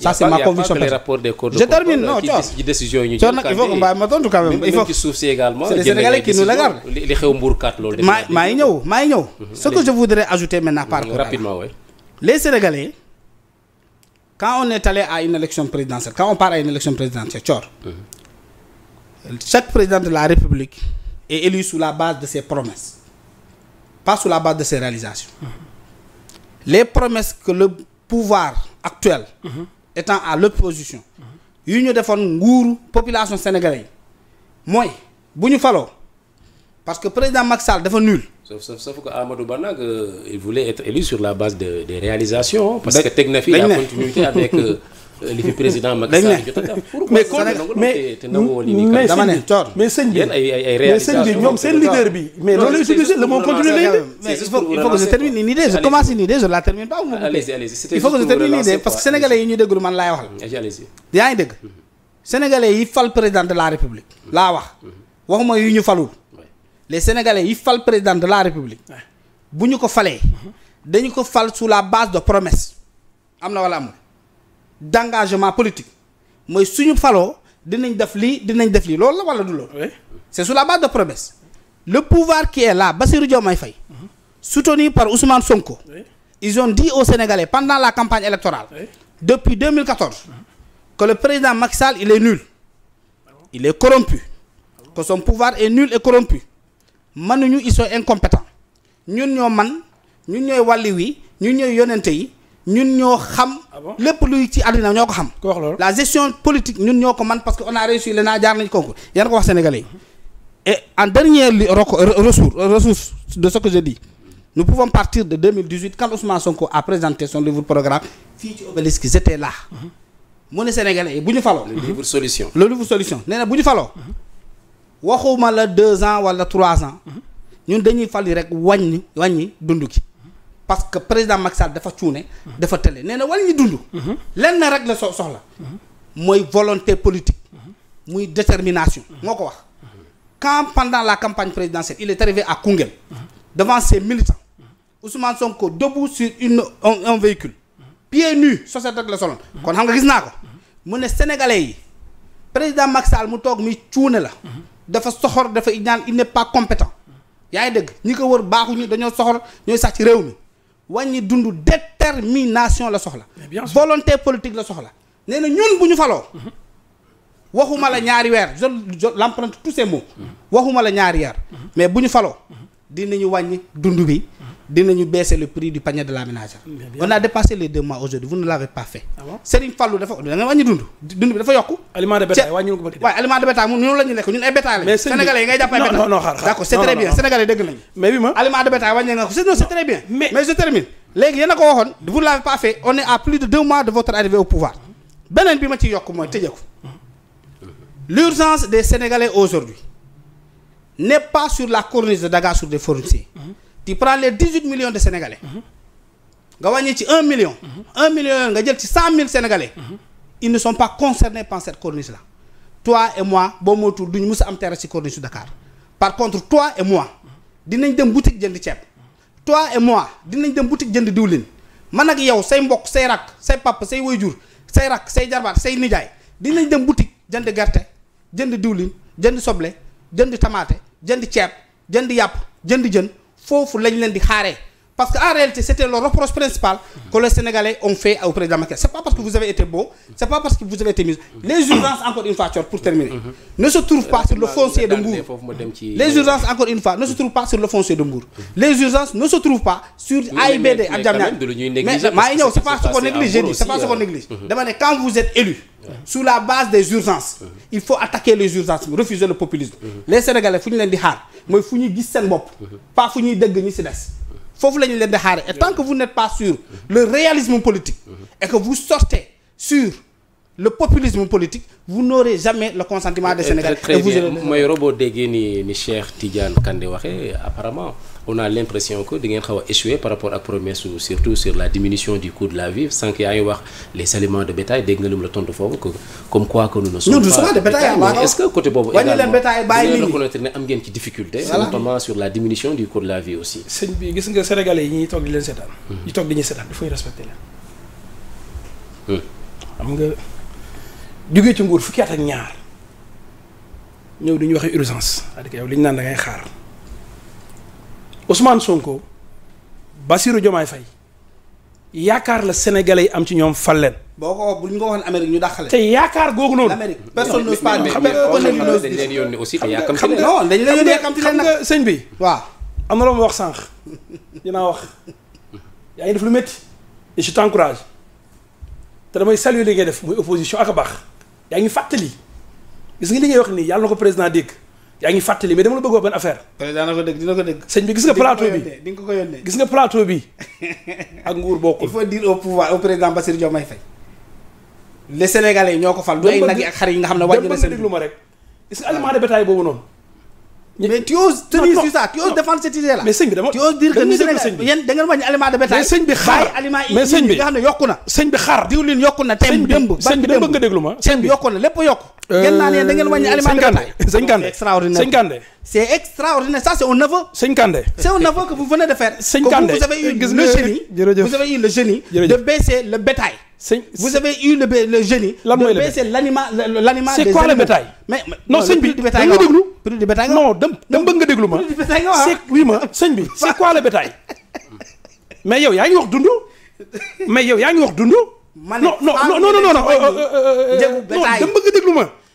ça c'est ma conviction les rapports des cours de je termine non ci décision il faut que mbaay ma tontu quand il faut ci les sénégalais qui nous regardent li xew mbuurkat loolu maa maa ngi ñëw maa ngi ñëw mhm. ce que je voudrais ajouter maintenant par rapidement oui les sénégalais quand on est allé à une élection présidentielle quand on part à une élection présidentielle Thior mhm. chaque président de la république est élu sous la base de ses promesses pas sous la base de ses réalisations mhm. les étant à l'opposition yu ñu defoon nguur population sénégalaise mooy bu ñu faloo parce que président Macky Sall dafa nul. sauf sauf sauf que Amadou Ba nag euh, il voulait être élu sur la base de des réalisations. parce que teg na fi a continuité avec. Euh, li fi président Macky Sall jot a def mais kon mais mais dama mais sëñ bi ay ay bi mais loolu lay utilisé le mot continue lay de mais il faut il faut que la termine pas yi ñu déglu man laay waxal allez mhm. fal président de la république mhm. laa wax mhm. waxuma yu ñu falul les sénégalais yi fal président de la république bu ñu ko falee dañu ko fal su la base de promesse am na wala amul d' engagement politique mooy suñu faloo dinañ def lii dinañ def lii loolu la wala du loolu. c' est sous la base de promesse. le pouvoir qui est là Bassirou Diomaye Faye. soutenu par Ousmane Sonko. ils ont dit aux Sénégalais pendant la campagne électorale. depuis 2014. que le président Macky Sall il est nul. il est corrompu. que son pouvoir est nul et corrompu. mënuñu ils sont incompétents ñun ñoo man ñun ñooy wàlli wi ñun ñooy yonente yi. ñun ñoo xam. Ah lépp luy ci àddina ñoo ko xam. ko loolu la gestion politique ñun ñoo ko man parce que on a réussi la naa jaar nañ concours yéen ko wax sénégalais yi et en dernier li ressource ressource de ce que je dis nous pouvons partir de 2018 quand Ousmane Sonko a présenté son livre programme fii ci obélisque j'étais là. Uh-huh. mu ne sénégalais yi bu ñu faloo. le livre solution. le livre solution nee na bu ñu faloo. Uh-huh. waxuma la deux ans wala trois ans. Uh-huh. ñun dañuy fali rek wàññi wàññi dund ki parce que président Macky dafa cuune. dafa tële nee na wala ñu dund. lenn rek la soxla. mooy volonté politique. muy détermination. moo ko wax quand la campagne présidentielle il est arrivé à Koungheul. devant ses militants. Ousmane Sonko debout sur une un véhicule. pieds nus société rek la soloon. kon xam nga gis naa ko. mu ne sénégalais yi président Macky mu toog mi cuune la. dafa soxor dafa ñaan il pas compétent. yaa ngi dégg ñi ko wër baaxuñu dañoo soxor ñooy sax ci réew mi. wàññi dund détermination la soxla. volonté politique la soxla. nee na ñun bu ñu faloo. Mhm. waxuma la ñaari weer je je l'emprunte tous ces mots. Mhm. waxuma la ñaari weer. Mhm. mais bu ñu faloo. dinañu wàññi dund bi. dinañu baisser le prix du panier la ménagère. on a dépassé les deux mois aujourd'hui vous ne l'avez pas fait. Ah Serigne dafa da wàññi dund dund bi dafa yokku. aliment de bétail wàññi ko waaye aliment de bétail ñun la ñu lekk ñun ay bétail lañu. mais yi ngay jàpp ay bétail non non xaar xaar d'accord c'est très bien sénégalais dégg nañu. mais bi ma aliment de bétail wàññi nga ko c'est non c'est très bien. mais mais je termine léegi yéen ne à plus de deux mois de votre arrivée tu prends les dix huit millions de sénégalais. nga wàññi ci un million. un million yooyu nga jël ci cent mille sénégalais. ils ne sont pas concernés par cette corniche là. toi et moi boo moytuwul duñu mus a am terrain ci corniche su Dakar par contre toi et mois dinañ dem boutique jënd ceeb. toi et mois dinañ dem boutique jënd diwlin man ak yow say mbokk say rakk say papa say wayjur say rakk say jarbaat say nijaay dinañ dem boutique jënd gerte jënd diwlin jënd soble jënd tamaate jënd ceeb jënd yàpp jënd jën. foofu lañ leen di xaaree. Parce qu'en réalité, c'était le reproche principal que les Sénégalais ont fait au président Macky. C'est pas parce que vous avez été beau, c'est pas parce que vous avez été mis. Les urgences, encore une pour terminer, mhm. ne se trouvent pas sur le foncier de Mbour. Mhm. Les urgences, ne se trouvent pas sur le foncier de Mbour. Les urgences ne se trouvent pas sur AIBD à Djamniadio. Mais Maïno, c'est pas ce qu'on euh, néglige, mhm. c'est pas ce qu'on néglige. Demandez, quand foofu la ñu leen di xaare et tant que vous n'êtes pas sur le réalisme politique et que vous sortez sur le populisme politique vous n'aurez jamais le consentement des Sénégalais. et vous mooy robot déggee ni ni Cheikh Tidiane Kandé waxee apparemment on a l'impression que di ngeen xaw a échoué par rapport ak promesse surtout sur la diminution du coût de la vie sànq yaa ngi wax les aliments de bétail dégg nga lu mu la tontu foofu que comme quoi que nous ne sommes pas de bétail mais est-ce que côté boobu également ngeen reconnaître ne am ngeen ci difficulté notamment sur la diminution du coût de la vie aussi sëñ bi gis nga sénégalais yi ñuy toog di leen seetaan hmm. ñi toog di ñu seetaan il faut ñu respecter leen hmm. xam nga jógee ci nguur fukki at ak ñaar ñëw duñu waxee urgence c'est-à-dire yow li ñu naan da ngay xaar Ousmane Sonko Bassirou Diomaye Faye yaakaar la sénégalais yi am ci ñoom fal leen. boo ko bu ñu ko waxoon ñu dàqale. te yaakaar googu noonu. Amérique personne n'ose pas dire. dañ leen yónni aussi te yàkkamti leen. non dañ leen yónni yàkkamti leen nag xam nga sëñ bi. waaw am na loo ma wax sànq. dinaa wax yaa ngi def lu métti. et je t'encourage te damay saluer li ngay def muy opposition ak a baax yaa ngi fàttali gis nga li ngay wax nii yàlla na ko président dégg. yaa ngi fàttali mais dama la bëggoo benn affaire. président na ko dégg dina ko dégg. sëñ bi gis nga plateau bi di ko yónnee gis nga plateau bi ak nguur bokkul. il faut dire au pouvoir au président Bassirou Diomaye Faye. les sénégalais ñoo ko fal. du ay nag yi ak xar yi nga xam ne wàññi na seen. déglu ma rek gis nga aliment de bétail boobu noonu mais tu oses tenir sur ça tu oses défendre cette idée là. mais sëñ bi dama tu oses dire que ni Sénégal yéen da ngeen wàññi aliment de bétail. mais sëñ bi xaar bàyyi aliment yi nga xam ne yokku na. sëñ bi xaar diwlin yokku na. sëñ bi sëñ bi dama bëgg nga déglu ma. sëñ bi yokku na lépp yokku. Euh, ngeen naan yéen da ngeen wàññi aliment de bétail. sëñ Kande sëñ Kande c' est extraordinaire ça c' est un aveu. sëñ Kande c' est un aveu que vous venez de faire. sëñ Kande gis nga vous avez eu le génie. jërëjëf vous avez eu le génie de baisser le bétail vous avez eu sëñ bi da nga déglu. prix du bétail nga non dem dem bëgg nga déglu ma. prix du bétail nga waaw c'est oui ma sëñ bi c'est quoi le bétail. mais yow yaa ngi wax dund. mais yow yaa ngi wax dund. man non non non non non. Euh, euh, euh, jéego bétail non dem bëgg nga déglu ma.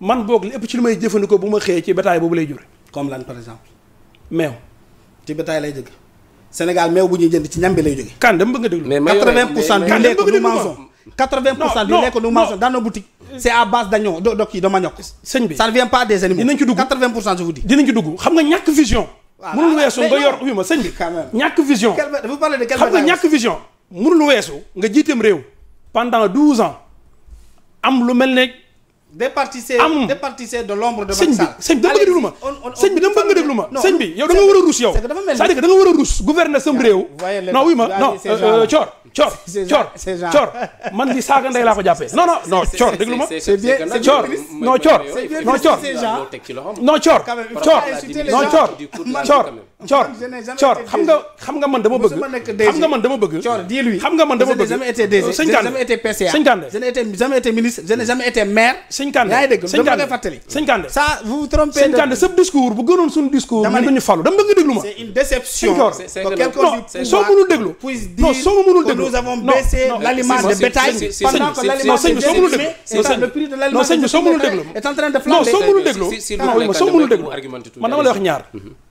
man boog li ëpp ci li may jëfandikoo bu ma xëyee ci bétail boobu lay jure. comme lan par exemple. meew. ci bétail lay jóge Sénégal meew bu ñuy jënd ci ñam bi lay jóge kan dama bëgg a déglu. mais mayo 80 pour cent du lekk du maçon. 80 pour cent du lekk du maçon dans nos boutiques. Euh, c'est à base d'oignon de kii de sëñ bi ça vient pas des animaux. dinañ ci dugg 80 pour cent je vous dis. vision. waaw weesu nga yor oui ma sëñ bi. ñàkk vision. xam nga ñàkk départissez départissez de l'ombre de Macky Sall sëñ bi sëñ bi dama bëgg déglu ma sëñ bi dama bëgg ruus yow c'est-à-dire que ruus gouverner sam réew non oui ma non euh, euh, Thior Thior Thior man li saaga ndey laa ko jàppee non non non Thior déglu ma Thior non Thior non coor coor xam nga xam nga man dama bëgg xam nga man dama bëgg. coor dis-lui xam nga man dama bëgg. je n'ai jamais été DG je n'ai jamais été PCA. sëñ Kande je n'ai été jamais été ministre je n'ai jamais été maire. sëñ Kande yaa ngi dégg dama lay fàttali. sëñ Kande ça vous vous trompez. sëñ Kande sa discours bu gënoon suñu discours. dama ne duñu falu dama bëgg nga déglu ma. c'est une déception. c'est que quelqu'un soo mënul déglu. non soo mënul déglu nous avons baissé l'aliment de bétail. pendant que l'aliment de bétail le prix de l'aliment de bétail est en train de flamber. non soo mënul déglu non soo mënul déglu man dama lay wax ñaar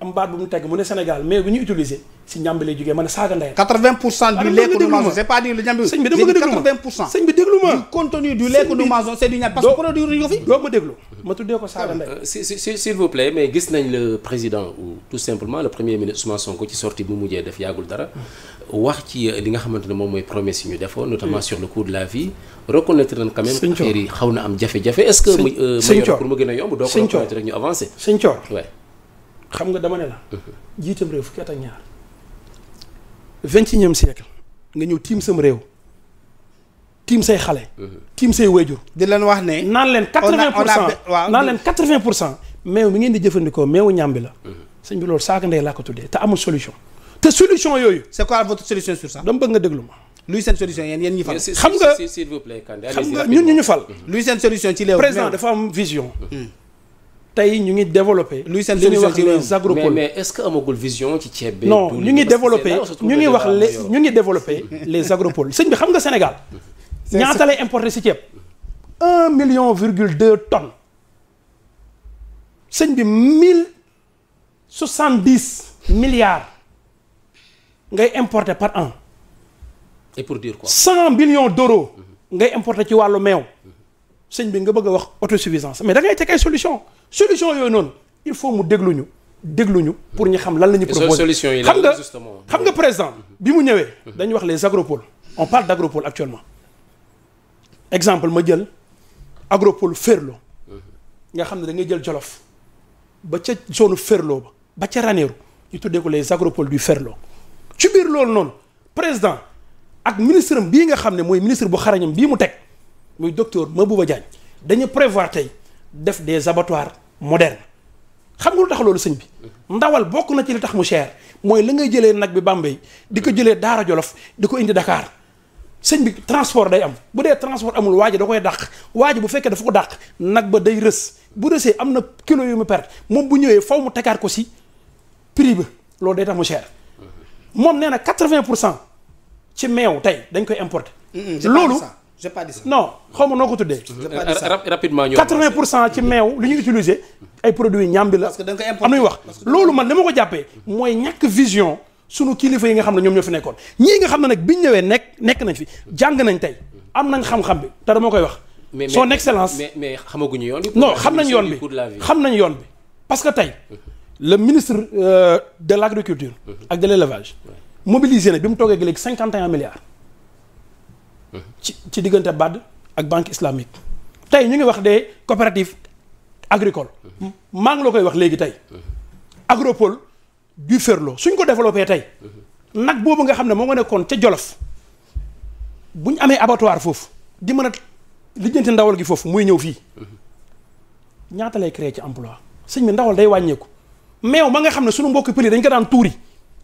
am baat bu mu teg mu ne Sénégal mais bu ñu utiliser si ñàmbi lay jógee man saaga ndeyam. 80 pour cent du lait consommé c'est pas du ñàmbi. sëñ ko déglu bi déglu ma du contenu ko fi. doo ma déglu ma tuddee ko saaga ndey. Euh, si si s'il vous plaît mais gis nañ le président ou tout simplement le premier ministre Ousmane Sonko ci sortie bu mujjee def yàggul dara wax ci li nga xamante ne moom mooy promesse yi ñu defoon. notamment mm. sur le coût de la vie. reconnaître nañ quand même. affaire yi xaw na am jafe-jafe. est-ce que. sëñ euh, Thior ma yor pour mu gën a yomb doo ko reconnaître rek ñu avancer. sëñ xam nga dama ne la. jiitam réew fukki at ak ñaar. vingt et unième siècle nga ñëw tiim sam réew. tiim say xale. tiim say wéjur. di leen wax ne. naan leen quatre vingt pour cent meew mi ngeen di jëfandikoo meewu ñàmbi la. sëñ bi loolu saaka ndey laa ko tuddee te amul solution. te solution yooyu. c'est quoi votre solution sur ça. dama bëgg nga déglu ma. luy seen solution yéen yéen ñi fal. xam nga xam nga ñun ñu ñu fal. Mmh. luy seen solution ci réew président dafa am vision. Mmh. tey ñu ngi développé. lu seen solution ci les agropoles mais est-ce que ci ceeb bi. non ñu ngi développé ñu ngi wax les ñu ngi développé les agropoles sëñ bi xam nga Sénégal. ñaata lay importé si ceeb. million virgule deux tonnes sëñ bi mille soixante dix milliards ngay importer par an. et pour cent millions d'euros. ngay importer ci wàllu meew. sëñ bi nga bëgg a wax autosuffisance mais da ngay teg ay solution solution yooyu noonu il faut mu déglu ñu déglu ñu pour ñu xam lan la ñu proposé xam nga xam nga président bi mu ñëwee dañuy wax les agropoles on parle d' actuellement exemple ma jël agropole Ferlo nga xam ne da jël Jolof ba ca zone Ferlo ba ca Raneeru ñu tuddee ko les agropoles du Ferlo ci biir loolu noonu président ak ministre bii nga xam ne mooy ministre bu xarañam bii mu teg muy docteur Mabouba Diagne dañu prévoir tey def des abattoirs modernes xam nga lu tax loolu sëñ bi ndawal bokk na ci li tax mu cher mooy la ngay jëlee nag bi Bambey di ko jëlee Daara Jolof di ko indi dakaar sëñ bi transport day am bu dee transport amul waaji da koy dàq waaji bu fekkee dafa ko dàq nag ba day rës bu rësee am na kilo yu mu perte moom bu ñëwee faw mu tegaat ko si prix ba loolu day tax mu cher moom nee na 80 pour cent ci meew tey dañ koy importe loolu j'ai pas dit ça xaw ma noo ko tuddee. Euh, rapidement ñëw 80 pour cent ci meew lu ñu utiliser ay produits ñaam bi la. parce que da nga koy importé am nañu wax. loolu man dama ko jàppee mooy ñàkk vision sunu kilifa yi nga xam ne ñoom ñoo fi nekkoon ñii nga xam ne nag bi ñu ñëwee nekk nañ fi jàng nañ tey am nañ xam-xam bi te moo koy wax. son excellence mais mais xamaguñu yoon bi. non xam nañ yoon bi xam nañ yoon bi parce que tey le ministre euh, de l' agriculture. Mhm. ak de l' élevage mobilisé na bi mu toogee léegi 51 milliards. ci ci diggante badd ak banque islamique tey ñu ngi wax des coopératives agricoles maa ngi la koy wax léegi tey agropole du Ferlo suñ ko développé tey nag boobu nga xam ne moo nga nekkoon ca Jolof bu ñu amee abattoir foofu di mën a lijjanti ndawal gi foofu muy ñëw fii ñaata lay créer ci emploi sëñ bi ndawal day wàññeeku meew ma nga xam ne suñu mbokki pëli dañ ko daan tuuri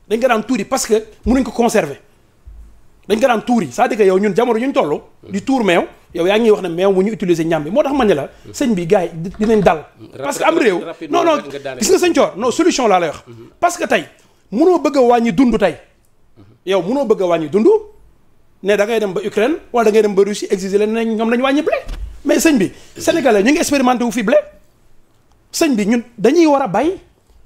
dañ ko daan tuuri parce que mënuñ ko conserver dañ ko daan tuur yi c'est-à-dire ñun jamono ñu toll di tuur meew yow yaa ngi wax ne meew mu ñu utiliser ñam bi moo tax man ne la sëñ bi gars yi dinañ dal parce que am réew non non gis nga sëñ coor non solution laa lay wax mhm. parce que tey munoo bëgg wàññi dund tey yow munoo bëgg a wàññi dund ne dangay dem ba Ukraine wala da ngay dem ba Russie exiger leen nañ ñoom dañu wàññi blé mais sëñ bi mhm. sénégalais ñu ngi expérimenté wu fii blé sëñ bi ñun dañuy war a bay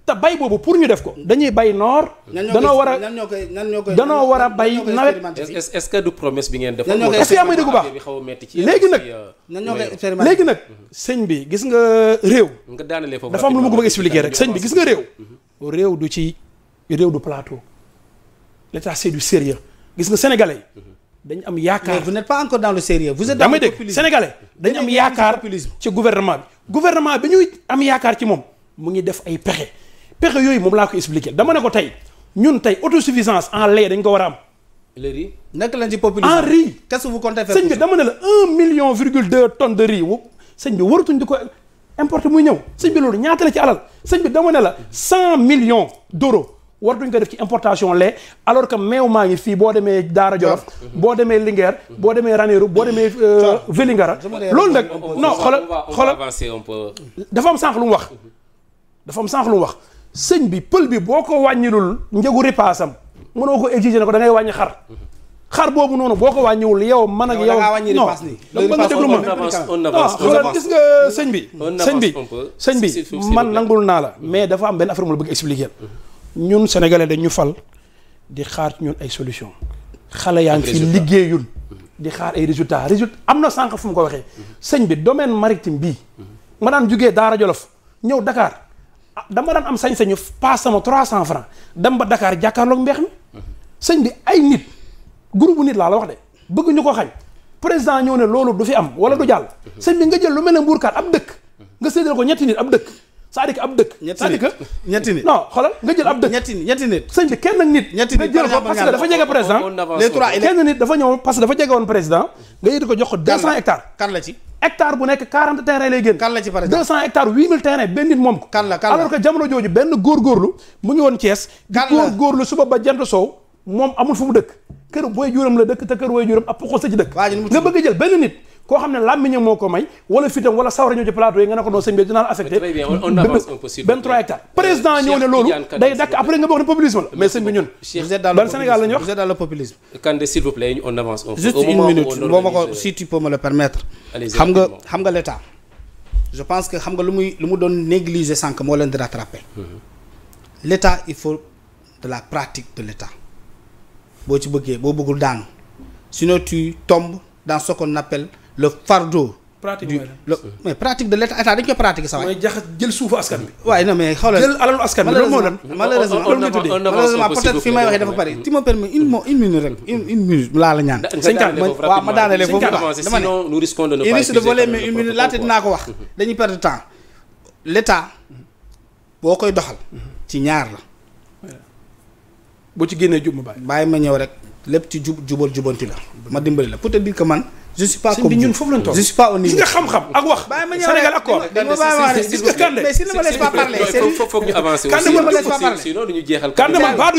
te bay boobu pour ñu def ko dañuy bay noor. danoo war a nan ñoo nan ñoo koy danoo war bay nawet. est-ce que du promesse bi ngeen def. est-ce que yaa may dégg bu baax léegi nag. Euh, nag sëñ bi gis nga réew. nga daanelee foofu dafa am ma ko bëgg expliquer rek sëñ bi gis nga réew. Mm-hmm. réew du ci réew du plateau l'état c'est du sérieux gis nga sénégalais mm-hmm. dañu am yaakaar mais vous n'êtes pas encore dans le sérieux vous êtes dans le populisme sénégalais am yaakaar ci gouvernement bi gouvernement bi ñuy am yaakaar ci moom mu ngi def ay pexe pexe yooyu moom laa ko expliqué dama ne ko tey ñun tey suffisance en lait dañ ko war a am. le riz naka lañ ci population en riz. qu'est-ce que vous comptez sëñ bi dama ne la un million virgule deux tonnes de riz wu sëñ bi waratuñ di ko importe muy ñëw sëñ bi loolu ñaata la ci alal sëñ bi dama ne la cent millions d'euros waratuñ ko def ci importation lait alors que meew maa ngi fii boo demee Daara Jolof boo demee Linguère boo demee Ranérou boo demee euh, Vélingara loolu nag non xoolal xoolal dafa am sànq lu wax dafa am lu wax sëñ bi pël bi boo ko wàññilul njëgu ripaasam mënoo ko exiger ne ko da ngay wàññi xar xar boobu noonu boo ko wàññiwul yow man ak yow non dama bëgg a déglu ma ah, xoolal gis nga euh, sëñ bi sëñ bi sëñ bi man nangul naa la mais dafa am benn affaire mu la bëgg expliquer ñun sénégalais dañ ñu fal di xaar ñun ay solution xale yaa ngi fi liggéeyul di xaar ay résultat résultat am na sànq fu mu ko waxee mm-hmm. sëñ bi domaine maritime bii ma daan jugee Daara Jolof ñëw Dakar Ah, dama daan am sañ-sañu paas sama 300 francs dem ba Dakar jàkkaarloog mbeex mi sëñ bi ay nit groupe bu nit laa la wax de bëgg ñu ko xañ président ñëw ne loolu du fi am wala du jàll sëñ bi nga jël lu mel ne mbuurkaat ab dëkk nga séddale ko ñetti nit ab dëkk sa à dire que ab dëkk. c'est-à-dire que ñetti nit non xoolal nga jël ab dëkk. ñetti sëñ bi kenn ak nit. nga jël parce que dafa jege président. kenn nit dafa ñëw parce que dafa jege woon président. nga yéeg ko jox ko 200 hectares. hectare bu nekk 40 terrain lay génn. kan la ci par exemple 200 benn nit moom ko. kan la jamono jooju benn góorgóorlu mu ngi woon Thiès. kan suba ba jant soow moom amul fu mu dëkk kër booy juram la dëkk te kër booy juram ab poxo sa ci dëkk nga koo xam ne làmmiñam moo ko may wala fitam wala sawara ñëw ci plateau yi nga ne ko noo sëñ bi dinaa la affecté benn trois hectares président ñëw ne loolu day dakk après nga boo euh, xam nga xam nga je pense que xam nga lu muy lu mu doon négliger sànq moo leen di rattraper mm-hmm. l'état il faut de la pratique de l'état boo ci bëggee boo bëggul daanu sinon tu tombes dans ce qu'on appelle le fardeau. pratique du le mais pratique de l' état état dañ koy pratiquer sa waay. mooy jaxas jël suufu askan bi. waaye non mais xoolal jël alalu askan bi loolu moo doon. malheureusement loolu nga tuddee malheureusement peut-être fi may waxee dafa bari. tu me permets une une minute rek une minute laa la ñaan. waaw ma daanale foofu quoi dama ne. il risque de voler mais une minute laata dinaa ko wax. Mhm. dañuy perdre temps l' état boo koy doxal. ci ñaar la. boo ci génnee jub ma bàyyi. bàyyi ma ñëw rek lépp ci jub jubal jubanti la. ma dimbali la pour te dire que man. je suis pas comme ñun foofu lañ toog je suis pas au niveau. gis nga xam-xam ak wax. Sénégal ak koor gis nga Kande. mais si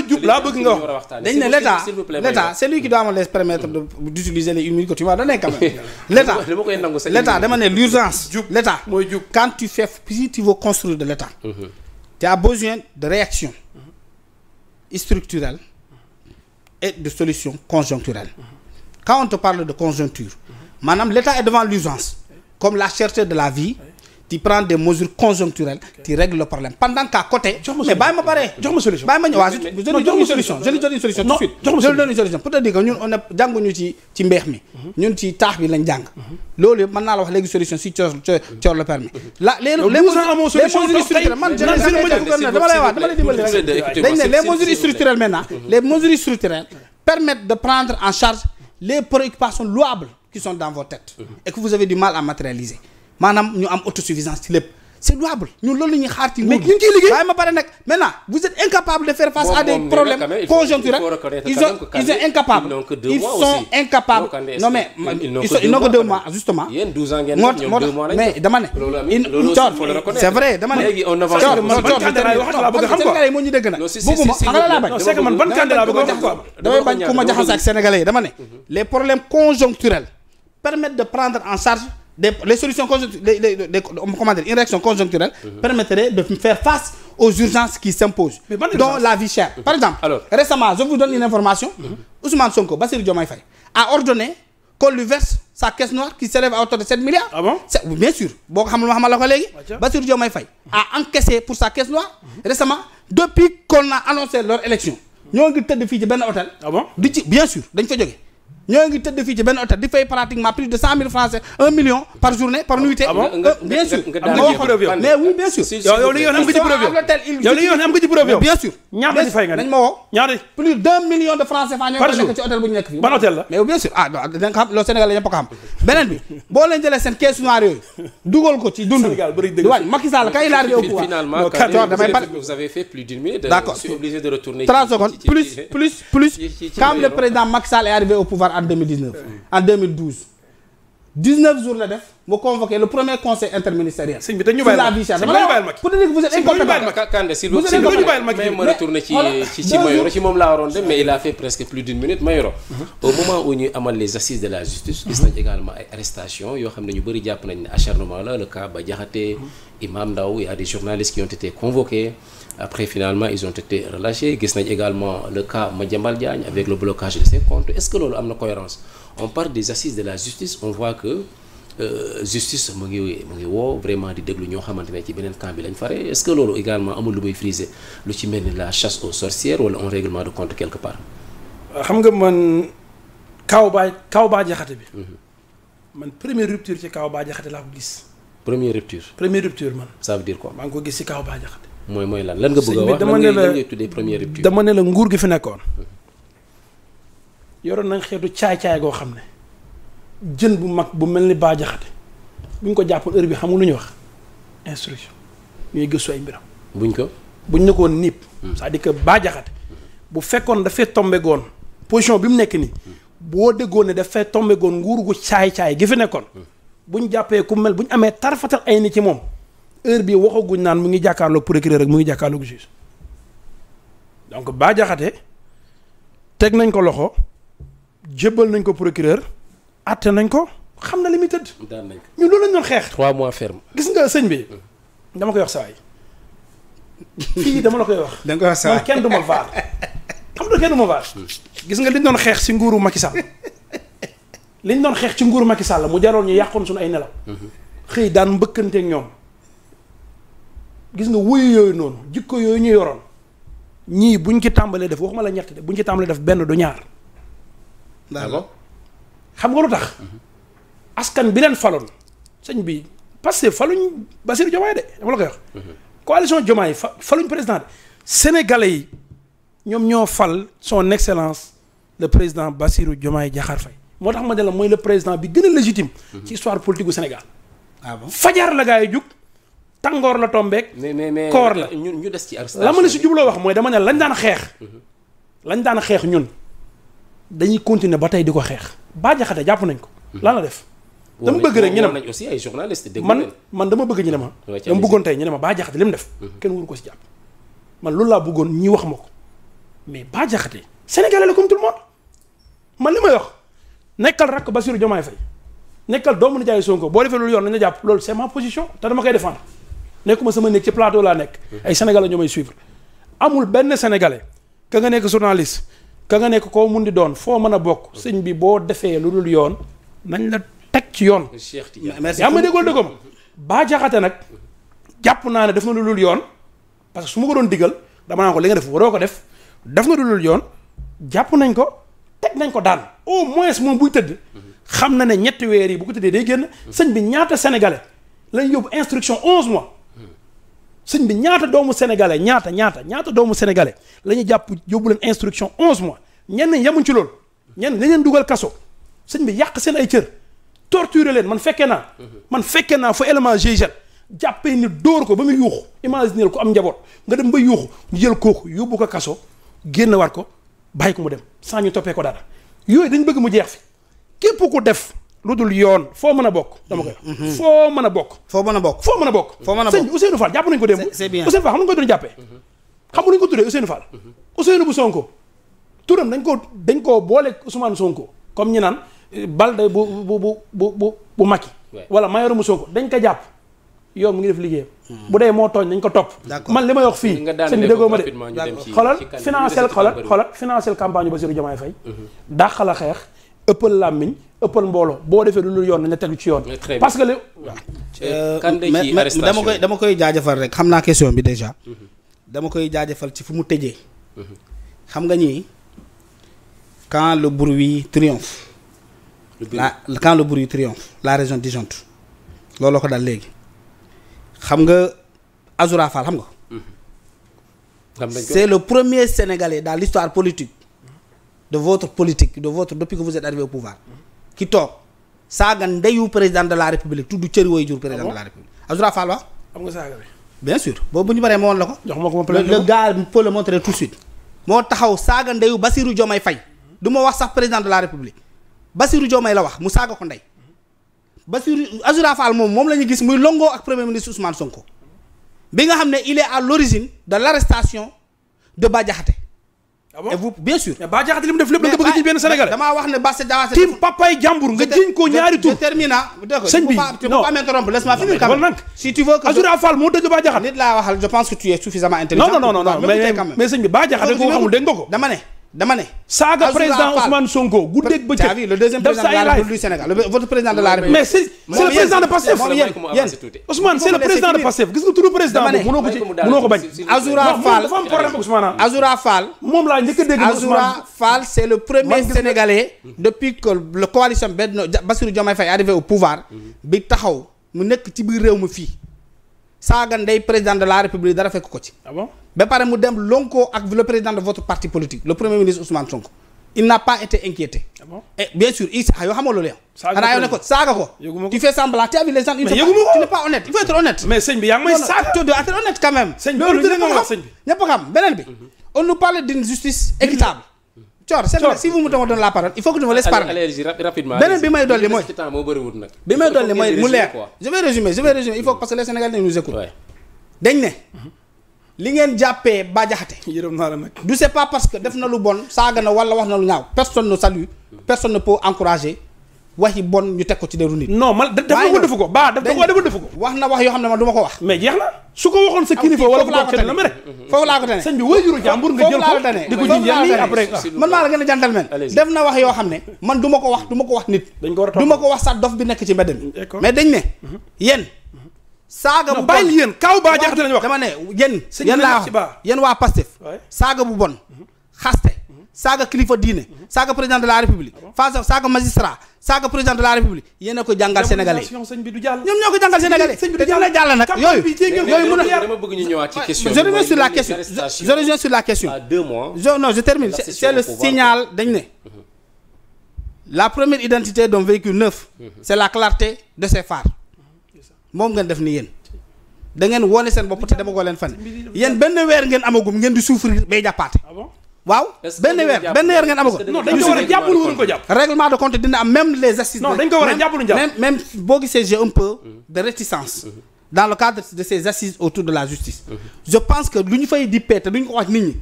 jub laa bëgg nga dañ ne l'état l'état c'est lui qui doit me permettre de d'utiliser les humides que tu m'as l'état dama ne l'urgence. l'état quand tu fais si construire de l'état. tu as besoin de réaction structurelle et de solution conjoncturelle. quand on te parle de conjoncture maanaam l'état est devant l'urgence comme la cherté de la vie tu prends des mesures conjoncturelles tu règles le problème pendant qu'à côté mais bàyyi ma pare jox ma solution bàyyi ma ñëw jox ma solution je lui donne une solution tout de suite ci mbeex mi mhm. ñun ci taax bi lañ jàng mhm. loolu yëpp mën la wax léegi solution si coor le permis mhm. la les mesures structurelles man dama lay wax dama de prendre en charge les préoccupations louables qui sont dans vos têtes. Mm-hmm. et que vous avez du mal à matérialiser maanaam ñu am autosuffisance ci lépp. c'est louable ñun loolu la ñuy xaar ci nguur gi mais ñu vous êtes incapable de faire face à des problèmes conjoncturels ils sont incapables ils sont incapables non mais ils n'ont que deux mois justement mais dama ne coor c'est vrai dama ne sénégalais yi moo ñu dégg nag bugguma xam nga mhm. les problèmes conjoncturels permettent de prendre en charge des les solutions conjoncturelles les, mhm. de faire face aux urgences qui s'imposent dont la vie chère par exemple Alors. récemment je vous donne une information mm -hmm. Ousmane Sonko Bassirou Diomaye Faye a ordonné qu'on verse sa caisse noire qui s'élève à hauteur de 7 milliards ah bien sûr boo ko xam ma xamal la ko léegi Bassirou Diomaye Faye a encaissé pour sa caisse noire mm récemment depuis qu'on na annoncé leur élection ñoo ngi tëdd fii ci benn hôtel ah ci bien dañ fa ñoo ngi tëdd fii ci benn hôtel di fay pratiquement plus de cent mille francs un million par journée par nuitée. Ah euh, bien sûr mais oui bien sûr. yow li yoon am nga ci preuve yow li yoon bien sûr. nañ ma plus deux millions de francs CFA ñoo nekk ci hôtel bu ñu fii. ban hôtel la mais bien sûr ah da xam loolu Sénégal la ñëpp ko xam. beneen bi boo leen jëlee seen caisse noire yooyu dugal ko ci dund. waaw Macky Sall kay laar yow quoi. finalement vous avez en 2019 en 2012 19 jours la def mu convoqué le premier conseil interministériel. sëñ bi dañu bàyyi ma sëñ bi dañu bàyyi ma pour dire que vous êtes ma retourné ci ci ci laa waroon a presque plus d'une minute Mayoro. Mhm. au moment où ñuy amal les assises de la justice. gis nañ également ay arrestations yoo xam ne ñu bëri jàpp nañ ne acharnement la le cas Bah Diakhaté mhm. Imam Ndao y a des qui ont été après finalement ils ont été relâchés gis nañ également le cas Madiambal Diagne avec le blocage de ses comptes est-ce que loolu am na cohérence on parle des assises de la justice on voit que euh, justice mu ngi mu ngi woo vraiment di déglu ñoo xamante ne ci beneen camp bi lañ fare est-ce que loolu également amul lu muy friser lu ci mel ni la chasse aux sorcières wala un règlement de compte quelque part euh, xam nga man kaw baa kaw baa jaxate bi mhm. man première rupture ci kaw baa jaxate laa gis première rupture première rupture man ça veut dire maa ngi ko gis ci kaw baa mooy mooy lan lan nga bëgg a wax dama ne la tuddee première rupture dama ne la nguur gi fi nekkoon hmm. yoroon na xeetu caay-caay goo xam ne jën bu mag bu mel ni baa jaxate buñ ko jàppoon heure bi xamul nga lu ñuy wax instruction ñooy gëstu ay mbiram. buñ ko buñ nekkoon niip. Hmm. c'est-à-dire bu fekkoon dafay tombé goon position bi mu nekk nii. boo déggoon ne dafay tombé goon nguur gu caay-caay gi fi nekkoon. Hmm. buñ jàppee ku mel bu ñu amee tarfatal ay ni ci moom. heure bi waxaguñ naan mu ngi jàkkaarloog procureur rek mu ngi jàkkaarloog juge donc Bah Diakhaté teg nañ ko loxo jébbal nañ ko procureur àtte nañ ko xam na li muy tëdd. loolu lañ doon xeex. trois mois ferme. gis nga sëñ bi dama koy wax saa yi fii dama la koy wax. da nga koy kenn du ma vaar xam nga kenn du ma vaar. liñ doon xeex si nguuru Macky Sall liñ doon xeex ci nguuru Macky Sall mu jaroon ñu yàqoon suñu ay nelaw. Mhm. xëy daan mbëkkanteek ñoom. gis nga wuyu yooyu noonu jikko yooyu ñu yoroon ñii buñ ci tàmbalee def waxuma la ñett de bu buñ ci tàmbalee def benn du ñaar. d'accord xam nga lu tax. Mm-hmm. askan bi leen faloon sëñ bi parce que faluñ Bassirou Diomaye de dama la koy wax. Mm-hmm. coalition Diomaye fa faluñ président de sénégalais yi ñoom ñoo fal son excellence le président Bassirou Diomaye Diakhar Faye moo tax ma de la mooy le président bi gën a légitime. Mm-hmm. ci histoire politique gu Sénégal. Ah fajar la gaa yi jug. tàngoor la tombeek koor la ñu des ci la ma ne si jubloo wax mooy dama ne lañ daan xeex mhm. lañ daan xeex ñun dañuy continuer ba tey di ko xeex Bah Diakhaté jàpp nañ ko mhm. lan la def dama bëgg rek ñu ne ma aussi ay journalistes man man dama bëgg ñu ne ma dama bëggoon tey ñu ne ma Bah Diakhaté li mu def mhm. kenn waru ko si jàpp man loolu laa bëggoon ñi wax ma ko mais Bah Diakhaté sénégalais la comme tout le monde man li may wax nekkal rakk Bassirou Diomaye Faye nekkal doomu na jaay Sonko boo yoon nañu jàpp loolu c'est ma position te dama koy défendre nekkuma sama nekk ci plateau laa nekk. Mhm. ay sénégalais ñoo may suivre. amul benn sénégalais ka nga nekk journaliste ka nga nekk koo mun di doon foo mën a bokk mhm. sëñ bi boo defee lu dul yoon nañ la teg ci yoon. yaa ma déggoon dëggam baa jaxate nag jàpp naa ne def na lu dul yoon parce que su ma ko doon digal dama naa ko li nga def waroo ko def def nga lu dul yoon jàpp nañ ko teg nañ ko daan au moins moom buy tëdd. Mhm. xam na ne ñetti weer yi bu ko tëddee day génn. sëñ bi ñaata sénégalais lañ yóbbu instruction 11 mois. sëñ bi ñaata doomu sénégalais ñaata ñaata ñaata doomu sénégalais la ñu jàpp yóbbu leen instruction 11 mois ñenn ñi yemuñ ci lool ñenn dañ leen dugal kaso sëñ bi yàq seen ay cër torturer leen man fekkee naa. man fekkee naa fu élément GIGN jàppee ni dóor ko ba mu yuuxu imaginer ko am njaboot nga dem ba yuuxu ñu jël kooku yóbbu ko kaso génn war ko bàyyi ko mu dem sans ñu toppee ko dara yooyu dañ bëgg mu jeex fi képp ku def. lu dul yoon foo mën a bokk dama koy wax mhm. foo mën a bokk foo mën a bokk foo mën a bokk foo mën a bokk sëñ Ousseynou Fall jàpp nañu ko démb Ousseynou Fall xam nga ko doon jàppee mhm. xam nga ñu ko tuddee Ousseynou Fall mhm. Ousseynou bu Sonko turam dañ ko dañ koo boole Ousmane Sonko comme ñu naan eh, Balde bu bu bu bu bu bu Macky wala Mayoro mu Sonko dañ ko jàpp yoon mu ngi def liggéeyam bu dee moo tooñ dañ ko topp man li may wax fii sëñ bi déggoo ma de xolal financier xolal xolal financier campagne Bassirou Diomaye Faye dàq la xeex ëppal làmmiñ ëppal mbooloo boo defee lu dul yoon nañ la tegu ci yoon. parce que li. Euh, dama koy dama koy jaajafal rek xam naa question bi déjà. Mhm. dama koy jaajëfal ci fu mu tëjee. Mhm. xam nga ñii quand le bruit triomphe. la quand le bruit triomphe la région disjoncte looloo ko daal léegi xam nga Azoura Fall xam nga. Mhm. c'est le premier Sénégalais dans l'histoire politique de votre politique de votre depuis que vous êtes arrivé au ki toog saaga ndeyu président de la république tudd cëri way jur président de la ah république Azoura Fall wax am nga saaga bi bien sûr boobu bu ñu baree ma woon la ko ma ko le gars peut le montrer tout suite moo taxaw saaga ndeyu Bassirou Diomaye fay du ma wax sax président de la république Bassirou Diomaye la wax mu saaga ko ndey Bassirou Azoura Fall moom moom la ñu gis muy longoo ak premier ministre Ousmane Sonko bi nga xam ne il est à l'origine de l'arrestation de Bah Diakhaté Ah et vous bien sûr. mais Bah Diakhaté li mu def lépp da nga bëgg a jiñ benn Sénégalais. nga jiñ ko ñaari ah. tu peux pas m'interrompre laisse-moi finir moo dëgg Bah Diakhaté. nit laa waxal je pense que tu es suffisamment intelligent. non non non dama ne. saaga président Ousmane Sonko guddeeg bëccëg. caavi le deuxième président de la République Sénégal votre président de la République. mais c'est le président de Pastef yéen yéen Ousmane c'est le président de Pastef gis nga turu président boobu mënoo ko ci mënoo ko ah. moom laa njëkk a dégg. Azoura Fall c'est le premier sénégalais. depuis que le coalition Benno Bassirou Diomaye Faye arrivé au pouvoir. Mhm. bi taxaw mu nekk ci biir réew mi fii. saaga ndey président de la république dara fekk ko ci. ah bon ba pare mu dem lonko ak le président de votre parti politique le premier ministre Ousmane Sonko. il n'a pas été inquiété. Ah bien sûr il yoo xamoo loolu yow. saaga ko saaga ko. tu fais semblant tu les gens. mais yëguma ko pas honnête il faut être honnête. mais sëñ bi yaa ngi may saaga. tu dois être honnête quand même. sëñ bi loolu dina ko xam ñëpp xam beneen bi. Mhm. on nous parle d'une justice Thior c'est vrai si vous me donnez la parole il faut que tu me laisses beneen bi may dolli mooy bi may dolli mooy mu leer je vais résumer je il faut parce que les Sénégalais nous écoutent dañ ne li ngeen jàppee Bah Diakhaté yërëm naa la du c'est pas parce que def na lu bon saaga na wala wax na lu ñaaw personne ne salue personne ne peut encourager wax yi bon ñu teg ko ci deru nit. non man daf ko defu ko baa daf ko defu ko. wax na wax yoo xam ne man du ko wax. man maa la gën a jantal men def na wax yoo xam ne man du ko wax du ko wax nit. dañ ko a wax sa dof bi nekk ci mbedd mi. mais dañ ne mhm. yéen. saaga bu bàyyi yéen kaw baa jaxate lañu wax dama ne yéen. yéen laa wax yéen waa Pastef saaga bu bon mhm. xaste saaga kilifa diine saaga président de la république ah faasa saaga magistrat saaga président de la république yéen ko jàngal sénégalais ñoom ñoo ko jàngal sénégalais na jàll nag yooyu je reviens sur la question je reviens sur la question je termine c'est le signal dañ ne la première identité d'un véhicule neuf mhm. c'est la clarté de ses moom ngeen def ni yéen da ngeen woone seen bopp te dama ko leen fan yéen benn weer ngeen amagum ngeen di souffrir bay waaw benn weer benn weer ngeen amago dañ ko war a jàpp lu waruñ ko jàpp règlement de compte dina am même les assises non dañ même boo gisee j'ai un peu mm-hmm. de réticence dans le cadre de ces assises autour de la justice mm-hmm. je pense que lu ñu fay dippee te duñ ko wax nit ñi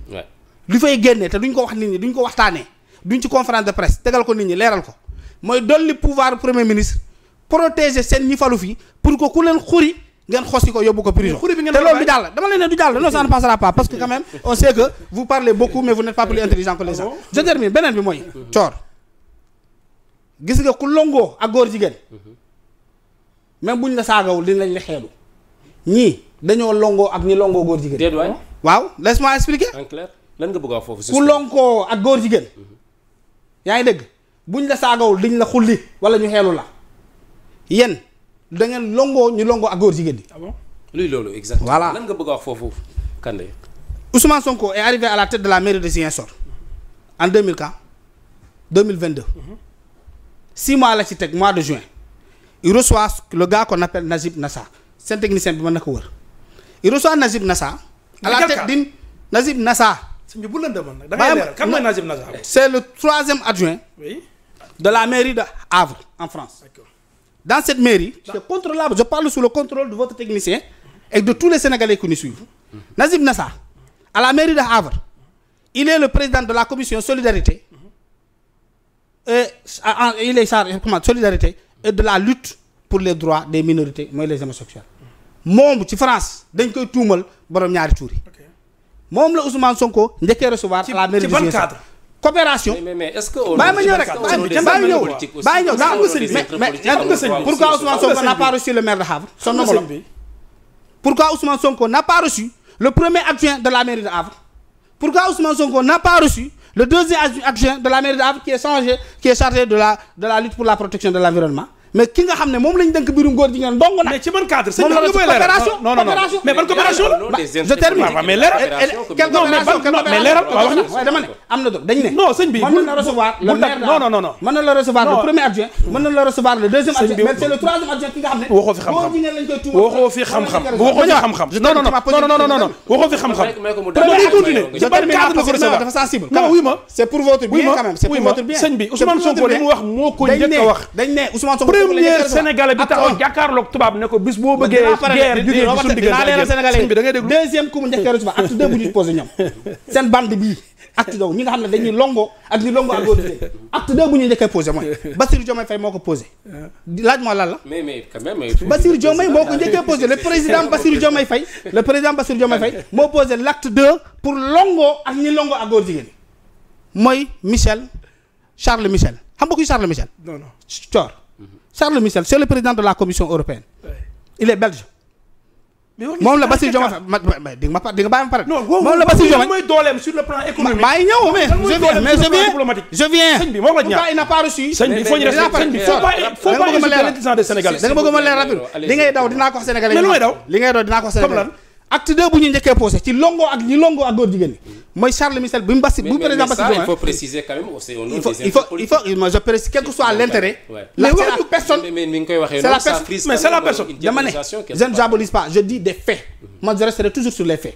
lu fay génnee te duñ ko wax nit ñi duñ ko waxtaanee duñ ci conférence de presse tegal ko nit ñi leeral ko mooy dolli pouvoir premier ministre protéger seen ñi falu fii pour que ku leen xuri ngeen xosi ko yóbbu ko prison te loolu du jàll dama leen ne du jàll non ça ne passera pas parce que quand même on sait vous parlez beaucoup mais vous n'êtes pas plus intelligent que les ah gens beneen bi mooy coor gis nga ku longoo ak góor jigéen même buñ la saagawul dinañ la xeelu ñii dañoo longoo ak ñi longoo góor jigéen déet waay waaw laisse-moi expliquer en clair lan a foofu ku ak góor jigéen ngi dégg buñ la saagawul diñ la xulli wala ñu xeelu la yéen da ngeen longoo ñu longoo ak góor jigéen di. ah bon luy loolu voilà nga bëgg a wax foofu Kande. Ousmane Sonko est arrivé à la tête de la mairie de Ziguinchor en 2004 2022. Mhm. six mois la ci teg mois de juin. il reçoit le gars qu'on appelle Najib Nassa seen technicien bi mën na ko wër il reçoit Najib Nassa. à la tête d'une Najib Nassa. sëñ bi bu la demoon nag da ngay leeral kan mooy Nassa. c'est le troisième adjoint. oui. de la mairie de Havre en France. dans cette mairie c'est contrôlable je parle sous le contrôle de votre technicien et de tous les Sénégalais qui nous suivent Nazib Nassa à la mairie de Havre il est le président de la commission solidarité et euh, il est chargé solidarité de la lutte pour les droits des minorités mooy les homosexuels moom ci France dañ koy tuumal borom ñaari tuuri moom la Ousmane Sonko njëkkee recevoir à la mairie de coopération mais mais est-ce que bàyyi ma rek bàyyi ñëw bàyyi ñëw daa pourquoi Ousmane Sonko n'a pas reçu le maire de Havre son homologue bi pourquoi Ousmane Sonko n'a pas reçu le premier adjoint de la mairie de Havre pourquoi Ousmane Sonko n'a pas reçu le deuxième adjoint de la mairie de Havre qui est chargé qui est chargé de la lutte pour la protection de l'environnement mais ki nga xam ne moom lañ dënk mbirum góor jigéen dong na. mais ci ban cadre sëñ bi nga koy leeral non non non mais ban coopération je termine mais leeral eh, eh, mais leeral wax na waaye dama ne am na doon dañ ne non sëñ bi mën na la recevoir le maire non non non mën na la recevoir le premier adjoint mën na la recevoir le deuxième adjoint mais c'est le troisième adjoint ki nga xam ne waxoo fi xam-xam waxoo fi xam-xam waxoo fi xam-xam non non non non non non waxoo fi xam-xam dañuy continuer ci ban cadre la ko recevoir dafa sensible non oui ma c'est pour votre bien quand même c'est pour votre bien sëñ bi Ousmane Sonko li mu wax moo ko njëkk a wax dañ ne Ousmane Sonko premier sénégalais bi taxaw jàkkaarloog tubaab ne ko bis boo bëggee guerre jugee ci suñu diggante bi da ngay déglu deuxième ku mu njëkkeeru suba acte deux bu ñu posé ñoom seen bande bii acte deux ñi nga xam ne dañuy longo ak ñi longo ak góorgóorlu acte deux bu ñu njëkkee posé mooy Bassirou Diomaye Faye moo ko posé laaj moo lan la. mais mais quand même. Bassirou Diomaye moo ko njëkkee posé le président Bassirou Diomaye Faye le président Bassirou Diomaye Faye moo posé l' acte deux pour longo ak ñi longo ak góor jigéen mooy Michel Charles Michel xam nga kuy Charles Michel. non non Thior. Charles Michel c'est le président de la commission européenne. il est belge. moom la Bassirou Diomaye ma ma pare di nga ma pare. moom la Bassirou Diomaye mooy dooleem sur mais je viens je viens. sëñ bi moom la ñu ñaan il n'a pas reçu. sëñ bi il faut ñu rester sëñ bi daw dinaa ko wax sénégalais. mais daw li ngay daw acte deux bu ñu njëkkee posé ci longo ak ñi longo ak góor jigéen ñi mooy Charles Michel bu mu Bassi bu président Bassi il faut il faut il faut il je précise quel que l'intérêt mais waxuñu personne c'est la personne dama ne je ne diabolise des faits moi je toujours sur les faits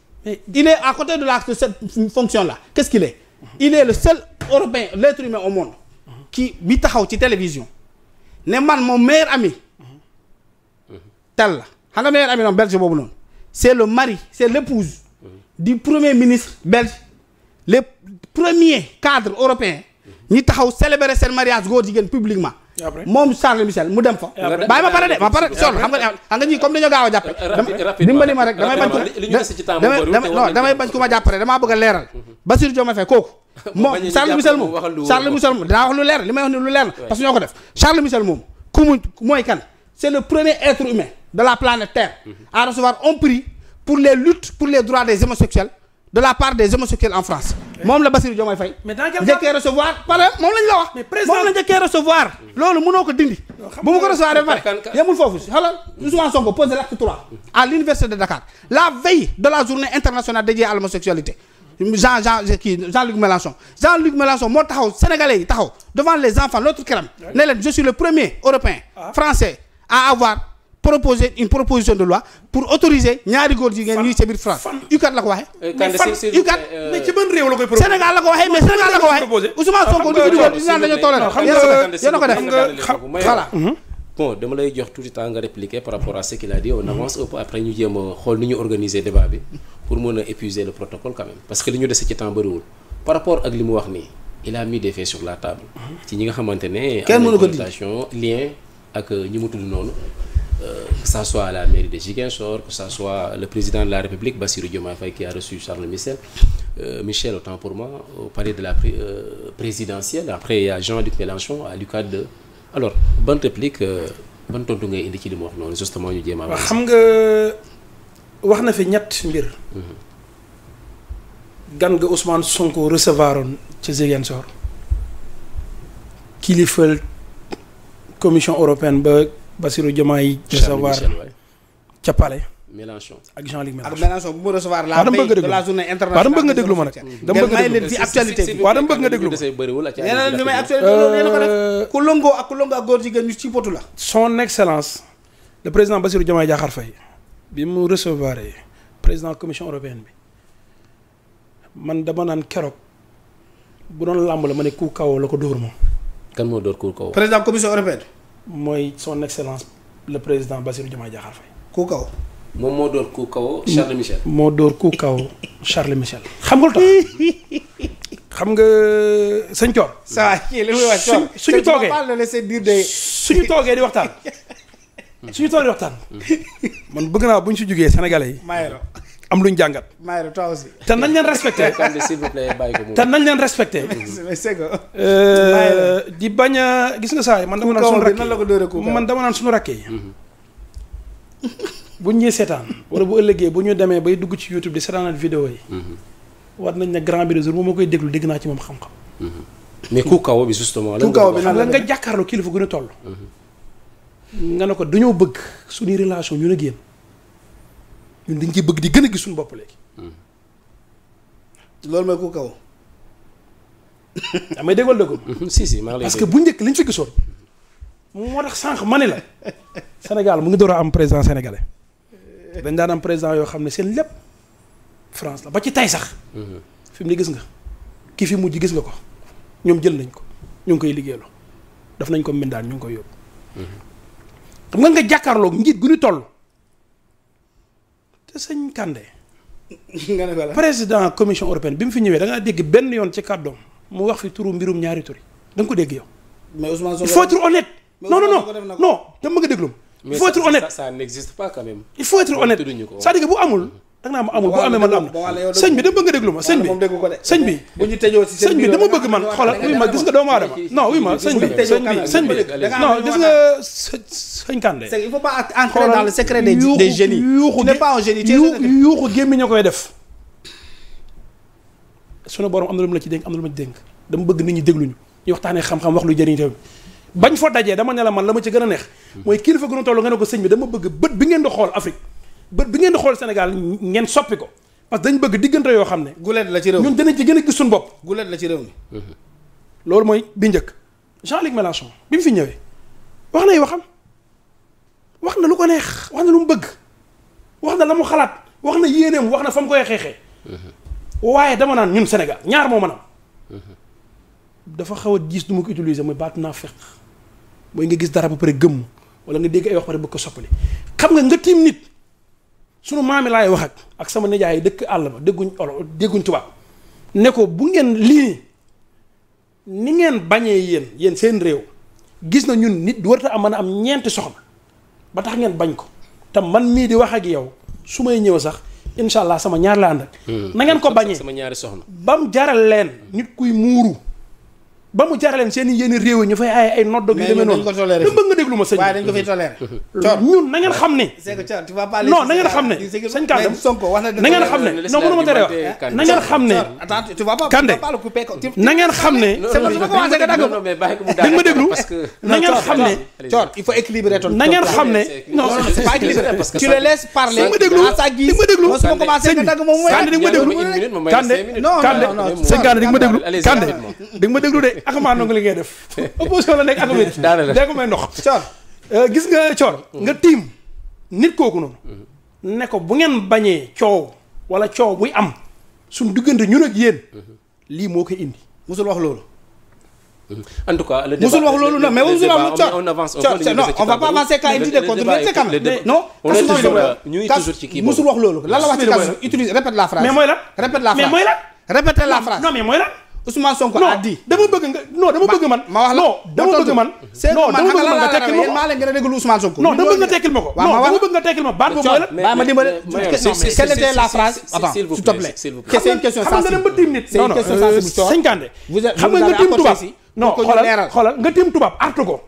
mais il est à côté de la de cette fonction là qu'est-ce qu'il est il est le seul européen l'être humain au monde qui bi taxaw ci télévision ne man moom maire ami tel la xam nga meilleur ami noonu belge boobu noonu c'est le mari c'est l'épouse du premier ministre belge le premier cadre européen ñi taxaw célébrer seen mariage góor jigéen publiquement moom Charles Michel mu dem fa. bàyyi ma pare de ma pare sonn xam nga xam nga ñii comme dañoo gaaw a jàppe. dimbali ma rek damay bañ ku ma jàppale damaa bëgg leeral. Mhm. Bassirou Diomaye Faye kooku. moom Charles Michel moom Charles Michel moom dinaa wax lu leer li may wax ni lu leer parce que ñoo ko def Charles Michel moom ku mooy kan c'est le premier être humain de la planète Terre mhm. à recevoir un prix pour les luttes pour les droits de la part des homosexuels en France. moom la Bassirou Diomaye Faye. mais recevoir par moom la ñu la wax. mais président moom la njëkkee recevoir. loolu mënoo ko dindi. bu mu ko recevoir ba pare yemul foofu si xoolal Ousmane Sonko posé l'acte 3 à l'université de Dakar la veille de la journée internationale dédiée à l'homosexualité Jean luc Mélenchon Jean-Luc Mélenchon moo taxaw sénégalais devant les enfants l'autre këram ne je suis le premier européen ah. français proposer une proposition de loi pour autoriser ñaari góor jigéen ñuy ci biir France UCAD la ko waxee. Euh, mais fan UCAD euh, mais réew la koy proposé. Sénégal la ko waxee mais Sénégal la ko waxee a ko def voilà. Mm-hmm. bon dama lay jox tout nga répliquer par rapport à ce qu'il a dit on avance un peu après ñu jéem xool ni ñu organiser débat bi pour mën a épuiser le protocole parce que li ñu dese ci temps bëriwul par rapport ak li mu wax nii il a mis sur la table. Mm-hmm. ci ñi nga xamante Euh, que soit la mairie de Ziguinchor que ça soit le président de la République Bassirou Diomaye Faye qui a reçu Charles Michel euh, Michel autant pour moi au palais de la euh, présidentielle après il y a Jean-Luc Mélenchon à l'UCAD 2 alors ban réplique ban tontu ngay indi ci li mu wax noonu justement ñu jéem a. xam nga wax na fi ñett mbir. Mhm. gan nga Ousmane Sonko recevoir oon ca Ziguinchor kilifal commission européenne ba. Bassirou Diomaye recevoir ca Palais. Mélenchon ak Jean-Luc Mélenchon. ak Mélenchon bu mu recevoir la veille de la journée internationale. dama bëgg nga déglu ma nag. dama euh, la. son excellence le président Bassirou Diomaye Diakhar Faye bi mu recevoir président commission européenne bi man dama naan keroog bu doon làmb la ma ne ku kawoo la ko dóor moom. kan ku kawoo. président commission européenne. mooy son excellence le président Bassirou Diomaye Diakhar Faye. ku kaw. moom moo dóor ku kaw Charles Michel. moo dóor ku kaw Charles Michel. xam nga lu tax xam nga sëñ Coor. saa kii li muy wax Coor suñu toogee suñu toogee di waxtaan. suñu toogee di waxtaan. Mm-hmm. man bëgg naa bu ñu si jugee sénégalais yi. am luñ jàngat. Mayra toi aussi. te nañ leen respecté s'il vous plaît te nañ leen respecté. c'est que. Euh, di bañ a gis nga saa yi man dama naan sunu rakk yi man dama naan sunu rakk yi. buñ ñuy seetaan wala bu ëllëgee bu ñu demee bay dugg ci YouTube di seetaanal vidéo yi. Mhm. war nañ ne grand bi de jour moom koy déglu dégg naa ci moom xam-xam. Mhm. mais ku kaw bi justement. lan nga nga jàkkaarloo kilifa gën toll. Mhm. nga ne ko dañoo bëgg su suñuy relation ñu ne génn ñun dañ ciy bëgg di gën a gis suñu bopp léegi. Hmm. loolu mooy ku kaw. damay déggoon dëggul. Hmm, si si parce que bu njëkk liñ fi gisoon. moo tax sànq ma ne la. Sénégal mu ngi door am président sénégalais. dañ daan am président yoo xam ne seen lépp France la ba ci tay sax. Hmm. fi mu gis nga. ki fi mujj gis nga ko. ñoom jël nañ ko. ñu ngi koy liggéeyaloo. daf nañ ko mbindaan ñu ngi koy yóbbu. xam nga nga jàkkaarloog njiit gu ñu toll. te sëñ Kandé. nga ne ko la président commission européenne bi mu fi ñëwee da ngaa dégg benn yoon ci kàddoom mu wax fi turu mbirum ñaari turi da ko dégg yow. mais Ousmane Sonko il faut être honnête. non non non non dama bëgg a déglu. il faut être honnête il faut être honnête cest à bu amul. Mm-hmm. danga naa ma amul bu amee man am na sëñ bi dama bëgg a déglu ma sëñ bi sëñ bi bëgg man xoolal gis nga doomu aadama non oui ma sëñ bi sëñ bi sëñ bi non gis nga sëñ Kandé il faut pas entrer dans le secret koy def sunu borom am na la ci dénk am na lu ma bëgg nit ñi dégluñu ñu waxtaanee xam-xam wax lu jëriñ tamit bañ fa dajee dama ne la man la ma ci gën a neex mooy kilifa gën a toll nga ne ko sëñ bi dama bëgg bët bi ngeen di xool Afrique bët bi ngeen di xool Sénégal ngeen soppi ko parce que dañ bëgg diggante yoo xam ne. guleet la ci réew mi ñun danañ ci gën a gis suñu bopp. guleet la ci réew mi. Mm-hmm. loolu mooy bi njëkk. Jean-Luc Mélenchon bi fi ñëwee wax nay waxam wax na lu ko neex wax na lu mu bëgg wax na la mu xalaat wax na yéeneem wax na fa mu koy xeexee. Mm-hmm. waaye dama naan ñun Sénégal ñaar moo mën am mm-hmm. dafa xaw a gis du ma ko utiliser mooy baatu naa feq mooy nga gis dara ba pare gëmm wala nga dégg ay wax pare bëgg ko soppali xam nga nga tiim nit. sunu maami laay wax ak ak sama nijaay yi dëkk àll ba dégguñ olo dégguñ tubaab ne ko bu ngeen lii ni ngeen bañee yéen yéen seen réew gis na ñun nit warta am mën a am ñeenti soxna ba tax ngeen bañ ko te man mii di wax ak yow su may ñëw sax incha allah sama ñaar la ànd ak hmm. na ngeen ko bañee sama ñaari soxna bam jaral leen nit kuy muuru ba mu jaraleen seen i yéen réew ñu fay ay ay noddog yu demee noonu da bëgg nga déglu ma sëñ waaye xam ne non ma tere wax ma déglu na ngeen xam ma déglu à sa ma déglu de ak maa li ngay def opposition la nekk ak wér. dee ko may ndox. Thior euh, gis nga Thior. nga tiim nit kooku noonu. Mm-hmm. ne ko bu ngeen bañee coow wala coow buy am suñ diggante ñun ak yéen. Mm-hmm. lii moo koy indi musul wax loolu. Mm-hmm. en mais musul wax loolu on ñu toujours ci kii musul wax loolu lan la wax ci kasu utilise répète la phrase mais mooy la répète la phrase mais mooy la Ousmane Sonko a dama bëgg nga non dama bëgg man. ma wax dama bëgg man. nga tekkil ma ko maa a déglu dama bëgg nga tekkil ma ko. non dama bëgg ma baat boobu la. mais la phrase. attends s'il vous plaît nga nga tiim tubaab non ko.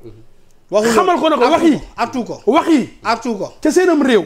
waxuñu xamal ko ne ko wax yi artu ko wax yi réew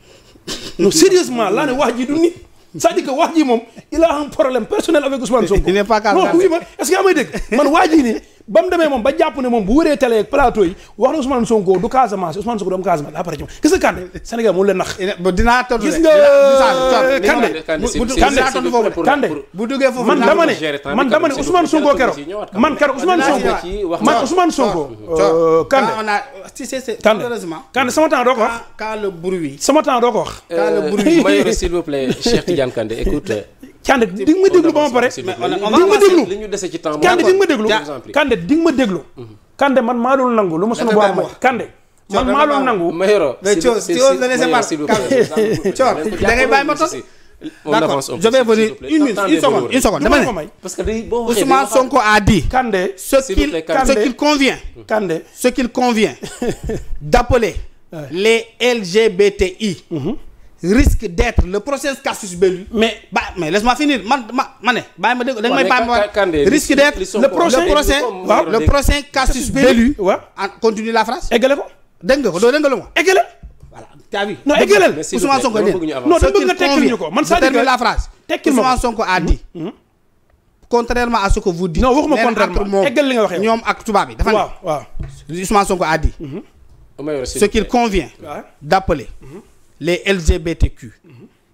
non sérieusement laa ne wax ji du nit c'est-à-dire que wax ji moom a personnel avec Ousmane Sonko. il n'est pas calme ma est-ce que man waa ji ba mu demee moom ba jàpp ne moom bu wëree télé ak plateau yi wax na Ousmane Sonko du Casamance Ousmane Sonko du am Casamance après ci moom gis nga Kande Sénégal mu leen nax. dinaa tontu gis nga Kande Kande bu duggee foofu man dama ne man temps doo ko wax. ka le bruit. temps doo ko wax. Kande di nga ma déglu ba pare. di ma déglu Kande di ma déglu Kande di ma déglu. Kande man maa doon nangu lu ma sunu borom Kande. man maa la laissez passer Thio da ma tos. une seconde une seconde dama ne parce que day boo waxee Sonko a dit. Kande mm-hmm. ce qu'il convient. Kande ce LGBTI. risque d'être le procès casus belli. mais ba mais laisse-moi finir man ma ma ne bàyyi ma dégg da nga may bàyyi ma risque d'être le procès le procès waaw le procès casus belli. waaw continue la phrase. eggale ko dégg nga ko doo dégg nga lu ma eggale. voilà t'as vu. non eggaleel Ousmane Sonko nee non da bëgg nga tekkil ñu ko man. c'est-à-dire que la phrase. tekkil ma ko Ousmane Sonko a dit. Mm-hmm. Mm-hmm. contrairement à ce que vous dites. non waxuma contrairement eggal li nga waxee ñoom ak tubaab yi dafa ne. waaw waaw Ousmane Sonko a dit. Mm-hmm. ce qu'il convient d'appeler les LGBTQ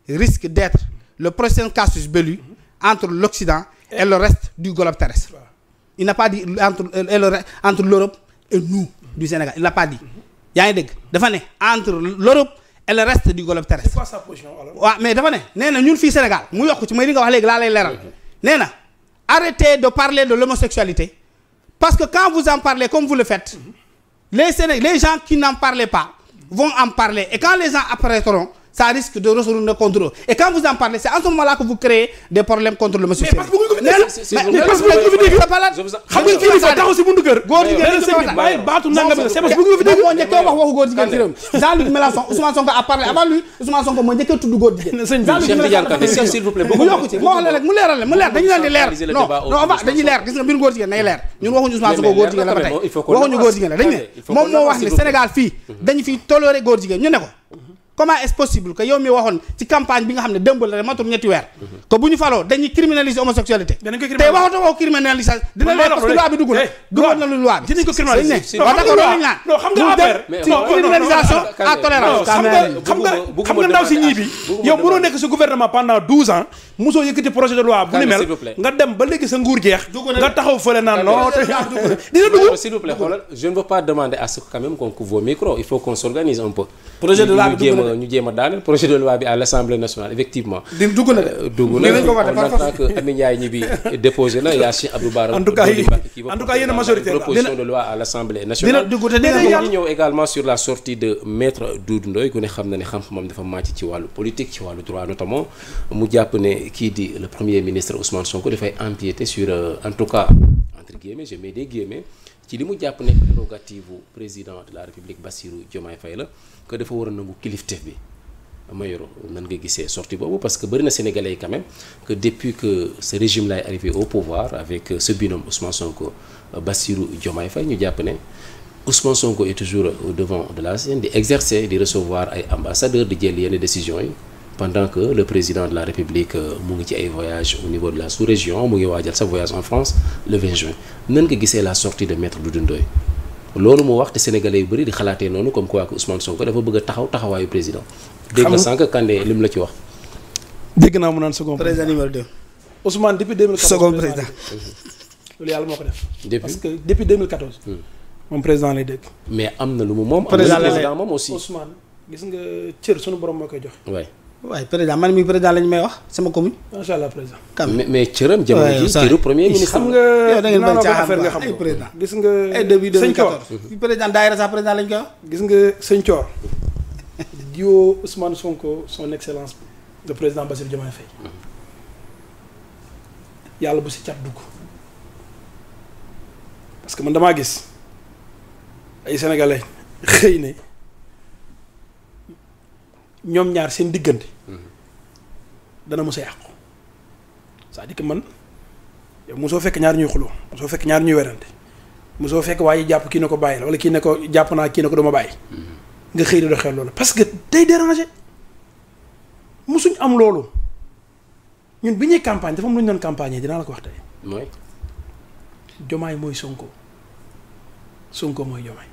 risquent d'être le prochain casus belli entre l'Occident et le reste du globe terrestre il n'a pas dit entre euh, l'Europe et nous du Sénégal il n'a pas dit yaa ngi dégg dafa ne entre l'Europe et le reste du globe terrestre. c'est mais dafa ne nee ñun fii Sénégal mu yokk ci mooy li wax léegi laa lay leeral nee na arrêtez de parler de l'homosexualité parce que quand vous en parlez comme vous le faites les Séné les gens qui n'en parlaient pas vont en parler et quand les gens apparaîtront ça risque de retourner contre eux et quand vous en parlez c'est en ce moment-là que vous créez des problèmes contre le monsieur Sèye. mais parce que bu wax waxu góor la mu leeral mu leer dañu leen leer non non on leer gis nga mbiru góor jigéen leer ñun waxuñu Ousmane Sonko góor jigéen la ba tey waxuñu góor la dañu ne moom moo wax ne Sénégal fii dañu fi toléré góor ñu ne ko comment est possible que yow mi waxoon ci campagne bi nga xam ne démb la matul ñetti weer mhm. que bu ñu faloo dañuy criminaliser homosexualité tey waxatoo ko criminalisation dina leen xam nga affaire nga ndaw si ñii bi yow mënoo nekk si gouvernement pendant douze ans mosoo yëkkati projet de loi bu ni mel nga dem ba léegi sa nguur jeex nga taxaw fële naan non dina dugg s'il vous plaît pas demander à ce que quand même il faut qu'on s'organise na ñu jéem a daaneel projet de loi bi à l' assemblée nationale effectivement. di dugg na de. Euh, dugg na on attend que Amy Ndiaye ñi bi déposé na yaa Cheikh Abdou Bara. en tout cas en tout cas yéen a majorité la proposition de loi à l' assemblée nationale. dina dugg te dina ñu ñëw également sur la sortie de maître Doudou Ndoye ku ne xam na ne xam-xamam dafa màcc ci wàllu politique ci wàllu droit notamment mu jàpp ne kii di le premier ministre Ousmane Sonko dafay empiéter sur euh, en tout cas entre guillemets je mets des guillemets ci li mu jàpp ne prérogative président de la République Bassirou Diomaye Faye la que dafa war a nangu kilifteef bi Mayoro nan nga gisee sorti boobu parce que bëri na sénégalais yi quand même que depuis que ce régime là est arrivé au pouvoir avec ce binôme Ousmane Sonko Bassirou Diomaye Faye ñu jàpp ne Ousmane Sonko est toujours au devant de la scène di exercer di recevoir ay ambassadeurs di jël yenn décisions yi pendant que le président de la République euh, mu ngi ci ay voyages au niveau de la sous-région mu ngi waajal sa voyage en France le 20 juin nan nga gisee la sortie de maître Doudou Ndoye loolu moo wax te sénégalais yu bëri di xalaatee noonu comme quoi que Ousmane Sonko dafa bëgg a taxaw taxawaayu président. dégg nga sànq Kandé lim la ci wax. dégg naa mu naan second président numéro 2. Ousmane depuis 2014 second président. loolu yàlla moo ko def. depuis parce que depuis 2014. Hmm. moom président lay dégg. mais am na lu mu moom. am na lu président moom aussi. Ousmane gis nga cër sunu borom moo koy joxe. waaye président man mii président lañ may wax sama commune. macha allah président. mais mais cëram jamono ji cëru premier ministre. xam nga yow da ngeen bañ nga xam ay président. gis nga ay début 2014 président daayira gis nga sëñ Thior. diwo Ousmane Sonko son excellence le président Bassirou Diomaye Faye. yàlla bu si cat dugg. parce que man damaa gis ay sénégalais xëy na. ñoom ñaar seen diggante dana mos a yàqu cest à que man yow mosoo fekk ñaar ñuy xuloo mosoo fekk ñaar ñuy werante mosoo fekk waaye jàpp kii na ko bàyyi la wala kii ne ko jàpp naa kii na ko dama bàyyi mm-hmm. nga xëy di doxee loolu parce que day déranger mosuñ am loolu ñun bi ñuy campagne dafa am lu ñu doon campagne dinaa la ko wax tey. mooy. Jomaay mooy Sonko Sonko mooy Jomaay.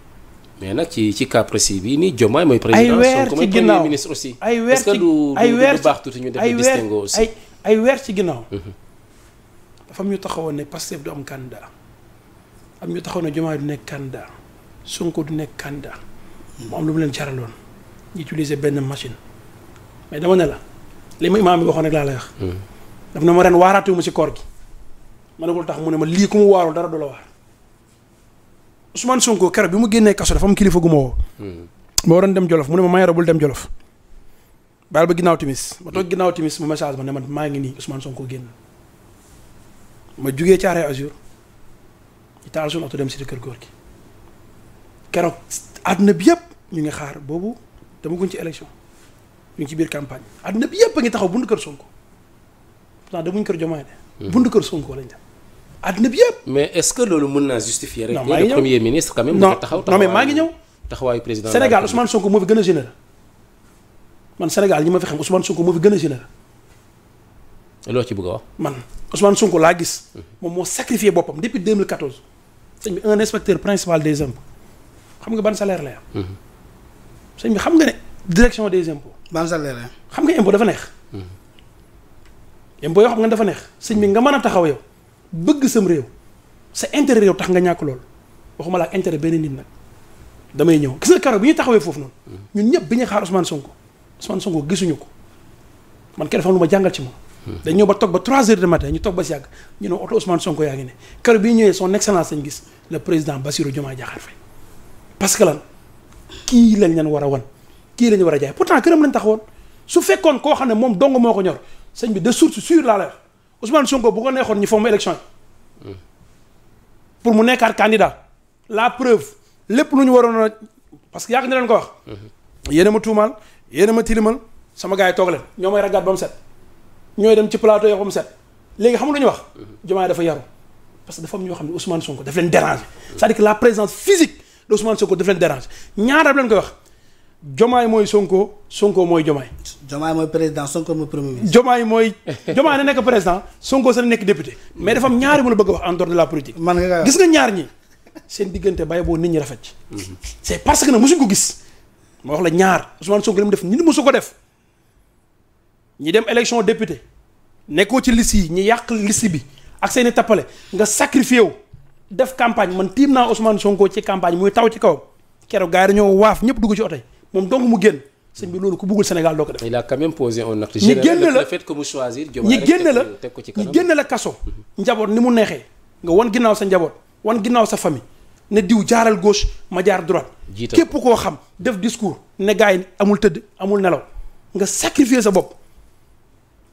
mais nag ci ci cas précis bi nii Diomaye mooy président Sonko mooy premier ministre aussi ay weer ci ginnaaw ay weer ci ñu def distinguo aussi ay ay weer ci ginnaaw. Mhm. dafa am ñu taxawoon ne Pastef du am candidat am ñu taxawoon ne Diomaye du nekk candidat Sonko du nekk candidat mu am lu mu leen caraloon ñu utiliser benn machine mais dama ne la li ma imaam bi waxoon rek laa lay wax. Mhm. daf na ma ren waaraatuma ci koor gi ma ne ko tax mu ne ma lii ku mu waarul dara du la waar. Ousmane Sonko keroog bi mu génnee kaso dafa am kilifa gu ma woo. ma hmm. waroon dem Jolof mu ne ma Mayoro bul dem Jolof. baal ba ginnaaw timis ma toog hmm. ginnaaw timis mu message ma ne man maa ngi nii Ousmane Sonko génn ma jugee Thiaroye Azur taal suñu oto dem si kër góor gi keroog àdduna bi yëpp ñu ngi xaar boobu demaguñ ci élection ñu ngi ci biir campagne àddina bi yëpp a ngi taxaw bundu kër Sonko pourtant demuñ kër Diomaye de. Hmm. bundu kër Sonko lañ dem. àdduna bi yëpp. mais est-ce que loolu mën naa justifier rek. non le premier ministre quand même. non non mais maa ngi ñëw taxawaayu président Sénégal Ousmane Sonko moo fi gën a généreux man Sénégal ñi ma fi xam Ousmane Sonko moo fi gën a généreux. loo ci bëgg a wax. man Ousmane Sonko laa gis. moom moo sacrifié boppam depuis 2014. sëñ bi un inspecteur principal des impôts xam nga ban salaire lay am. Mhm. xam nga ne direction des impôts. ban salaire lay am xam nga impôt dafa neex. Mhm. impôt yoo xam nga dafa neex sëñ bi nga mën a taxaw yow. bëgg sam réew sa intere réew tax nga ñàkk lool waxuma la ak intérêt benn nit nag damay ñëw gis sa karo bi ñuy taxawee foofu noonu hmm. ñun ñëpp bi ñu xaar Ousmane Sonko Ousmane Sonko gisuñu ko man kenn dafa am lu ma jàngal ci moom. Hmm. dañ ñëw ba toog ba 3 heures du matin ñu toog ba si yàgg ñu ne oto Ousmane Sonko yaa ngi ne karo bi ñëwee son excellence lañ gis le président Bassirou Diomaye Diakhar Faye parce que lan kii lañ leen war a wan kii lañ war a jaay pourtant këram lañ taxawoon su fekkoon koo xam ne moom dong moo ko ñor sëñ bi de source sûre la Ousmane Sonko bu ko neexoon ñu fomm élection yi. pour mu nekkaat candidat. la preuve lépp lu ñu waroon a parce que yàgg na leen ko wax. yéen a ma tuumaal yéen a ma tilimal sama gars yi toog leen ñoo may ragaat ba mu set. ñooy dem ci plateau yoo ba mu set. léegi xam dañu wax ñu wax. Diomaye dafa yaru parce que dafa am ñoo xam ne Ousmane Sonko daf leen déranger. c'est-à-dire que la présence physique de Ousmane Sonko daf leen déranger ñaar daf leen koy wax. Jomaay mooy Sonko Sonko mooy Jomaay. Jomaay mooy président Sonko mooy premier ministre. Jomaay mooy Jomaay na nekk président Sonko sa nekk député mais dafa ñaari mu la bëgg a wax en dehors de la politique. gis nga ñaar ñi seen diggante bay boo nit ñi rafet ci. c' est parce que nag mosuñ ko gis. ma wax la ñaar Ousmane Sonko li mu def ñun mosu ko def ñi dem élection député nekkoo ci liste yi ñi yàq liste bi ak seen i tappale nga sacrifié wu def campagne man tiim naa Ousmane Sonko ci campagne muy taw ci kaw keroog gars yi dañoo ñëpp dugg ci oto moom donc mu génn sëñ bi loolu ku bëggul Sénégal doo ko def. il a quand même posé un acte général. ñi génn la le fait que mu ñi génn la ci kanam ñi génn la kaso. njaboot ni mu neexee nga wan ginnaaw sa njaboot wan ginnaaw sa famille ne diw jaaral gauche ma jaar droite. jiital képp koo xam def discours ne gars yi amul tëdd amul nelaw nga sacrifier sa bopp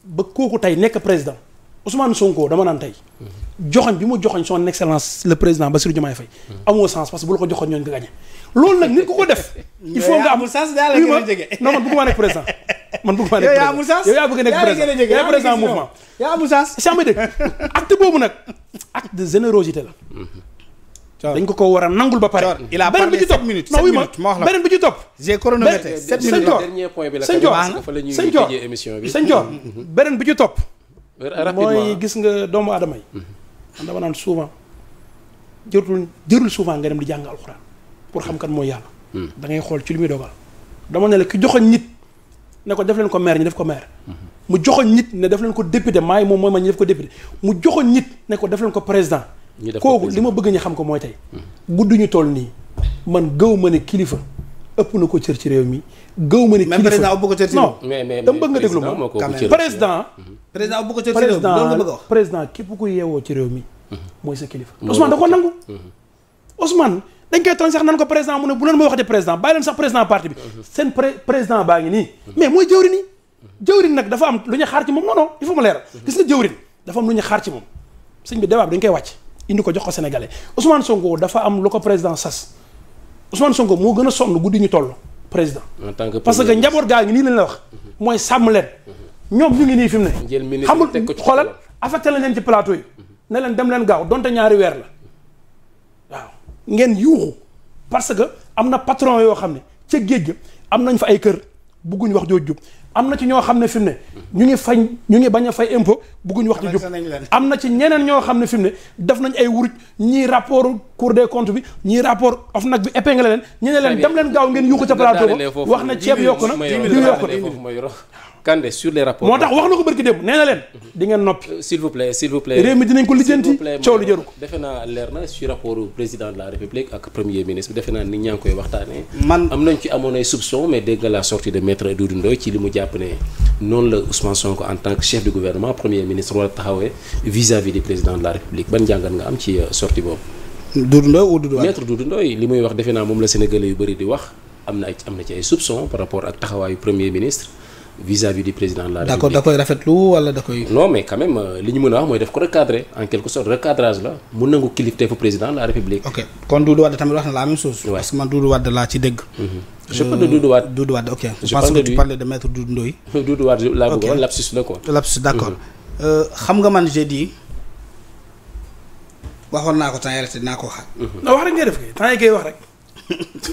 ba kooku tey nekk président Ousmane Sonko dama naan tey. Mhm. joxoñ bi mu joxoñ son excellence le président Bassirou Diomaye Faye. Mhm. amoo sens parce que bu la ko joxoon ñooñu nga gagné. loolu nag nit ku ko def. il faut nga amul sens daal la gën a jege non man bëgg maa nekk président man bëgg maa nekk président yow yaa amul sens yow yaa bëgg yow yaa président nag acte de générosité la. dañ ko ko war a nangul ba pare. il a parlé sept minutes sept minutes ma wax la beneen bi ci topp. j'ai chronométré sept minutes dernier point bi la sëñ gis nga doomu aadama yi. Mm-hmm. man dama naan souvent jërul souvent nga dem di jàng alxuraan pour xam kan mooy yàlla. Hmm. da ngay xool ci li muy dogal. dama ne la nit ne ko def ko maire ñu def ko maire. Hmm. mu joxoon nit ne def ko député maay moom mooy ma ñu def mu joxoon nit ne ko def ko président. ñu def ko kooku li ma bëgg ñu xam ko mooy tey. Hmm. gudd ñu nii man gëw ma ne kilifa. ëpp na ko cër ci réew mi gëw ma ne. kilifa même président ëpp mais mais mais président moo ko cër président. président ëpp ko cër ci réew mi loolu nga bëgg wax. président képp ku yeewoo ci réew mi. mooy sa kilifa. Ousmane da ko nangu. Ousmane. dañ koy tooñ sax nan ko président mu ne bu leen ma waxati président bàyyi leen sax président parti bi seen président baa ngi nii mais mooy jëwrin yi jëwrin nag dafa am lu ñu xaar ci moom non non il faut lu ñu xaar ci moom sëñ bi débat bi dañ koy wàcc indi ko jox ko sénégalais Ousmane Sonko dafa am lu ko président sas Ousmane Sonko moo gën a sonn guddi ñu toll président parce que njaboot gaa ngi nii lañ wax mhm. mooy sàmm leen mhm. ñoom ñu ngi nii fi mu ne xamul xoolal affecté lañ leen ci plateau yi mhm. ne leen dem leen gaaw donte ñaari weer la ngeen yuuxu parce que am na patron yoo xam ne ca géej ga am nañ fa ay kër bugguñ wax joo jub am na ci ñoo xam ne fi ne ñu ngi fañ ñu ngi bañ a fay impôt bugguñ wax am na ci ñeneen ñoo xam ne fi def nañ ay wuruj ñii rapport cour des comptes bi ñii rapport OFNAC bi épinglé leen ñu ne leen dem leen gaaw ngeen yuuxu ca plateau ba wax na ceeb yokk na diw yokk na Kande sur les rapports. moo tax wax na ko barki démb nee na leen. Mhm. di noppi. Euh, s'il vous plaît s'il réew mi dinañ ko lijjanti coow lu jëru ko. defe naa leer na sur rapport président de la république ak premier ministre defe naa nit ñaa koy waxtaanee. man am nañ ci amoon ay soupçons mais dégg nga la sortie de maître Doudou Ndoye ci li mu jàpp ne noonu la Ousmane Sonko en tant que chef du gouvernement premier ministre war a taxawee vis-à-vis du président de la république ban jàngat nga am ci euh, sortie boobu. Doudou Ndoye li muy wax defe naa moom la sénégalais yu bëri di wax am na ay vis à da koy rafetlu wala da koy. non mais quand même euh, li ñu mën a wax mooy def ko recadrer en quelque sorte recadrage la mu nangu kilifteefu président la République. ok kon Doudou Wade tamit wax na la même chose. waaw man Doudou Wade laa ci dégg. Mhm. je parle de euh, Doudou Wade ok. je pense que tu parlais laa bëgg lapsus la quoi. lapsus d'accord mhm. euh, xam nga man j'ai dit waxoon naa ko temps yàlla te dinaa ko waxaat. non wax rek ngay def kay temps yi koy wax rek.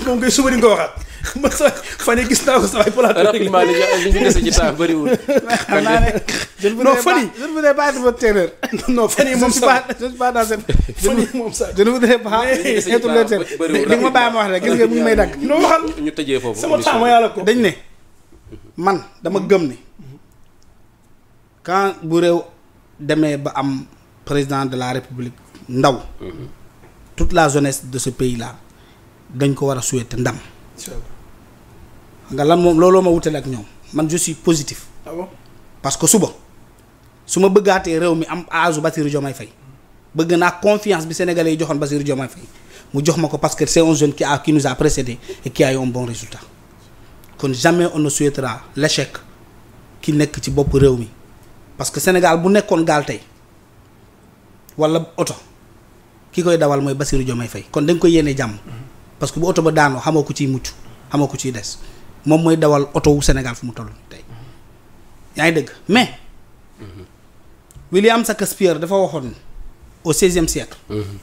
moom ngay suba di nga waxaat man sax fan gis naa ko sa waay plateau. rapidement li ñu dese ci temps bëriwul. xam ba ne je ne voudrais pas fan yii moom sax je ne suis pas dans cette. fan yii moom sax je ne voudrais pas être leur terreur. bëriwul rapidement ma bàyyi ma wax ñu dañ ne man dama gëm ni quand bu réew demee ba am président de la république ndaw. Mhm. toute la jeunesse de ce pays là. dañ ko war a souhaiter ndam. nga lan moom looloo ma wutale ak ñoom man je positif. Ah bon? parce que suba su ma bëggaatee réew mi am aazu Bassirou Diomaye Faye bëgg naa confiance bi sénégalais yi joxoon Bassirou Diomaye Faye mu jox ma ko parce que c'est un jeune ki a qui nous a précédé et qui un bon résultat kon jamais on ne souhaitera l'échec ki nekk ci bopp réew mi parce que Sénégal bu nekkoon gaal tey wala oto ki koy dawal mooy Bassirou Diomaye Faye kon dañ koy yéene jàmm. parce que bu oto ba daanoo xamoo ko ciy mucc xamoo ko ciy des moom mooy dawal oto wu Sénégal fu mu toll tey yaa ngi dëgg mais mm-hmm. William Shakespeare dafa waxoon au seizième siècle mm-hmm.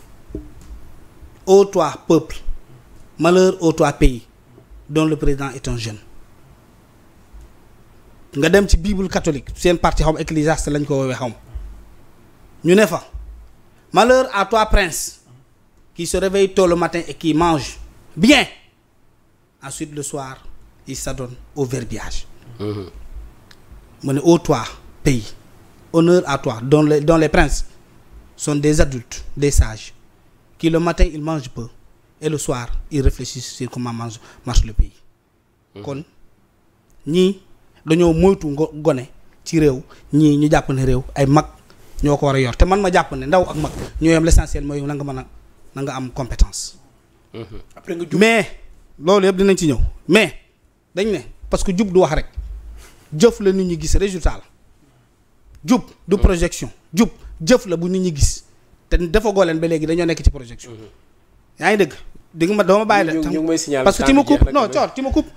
ô toi peuple malheur ô pays dont le président est un jeune nga dem ci bible catholique seen parti xaw ecclésiaste lañ ko woowee xaw ñu ne fa malheur à toi prince qui se réveille tôt le matin et qui mange bien ensuite le soir il s'adonne au verbiage mhm. mu ne ô toi pays honneur à trois dont les, dont les princes sont des adultes des sages qui le matin ils mangent peu et le soir ils réfléchissent sur comment mange marche le pays mhm. kon ñii dañoo moytu gone ci réew ñii ñu jàpp ne réew ay mag ñoo ko war a yor te man ma jàpp ne ndaw ak mag ñoo yem l'essentiel mooy na nga mën a nanga am compétence après nga jub mais loolu yëpp dinañ ci ñëw mais dañ ne parce que jub du wax rek jëf la nit ñi gis résultat la jub du projection jub jëf la bu nit ñi gis te dafa goo leen ba léegi dañoo nekk ci projection mm-hmm. yaa ngi dëgg di nga ma doo ma bàyyi la. parce que tu me coupes non coor tu me coupes.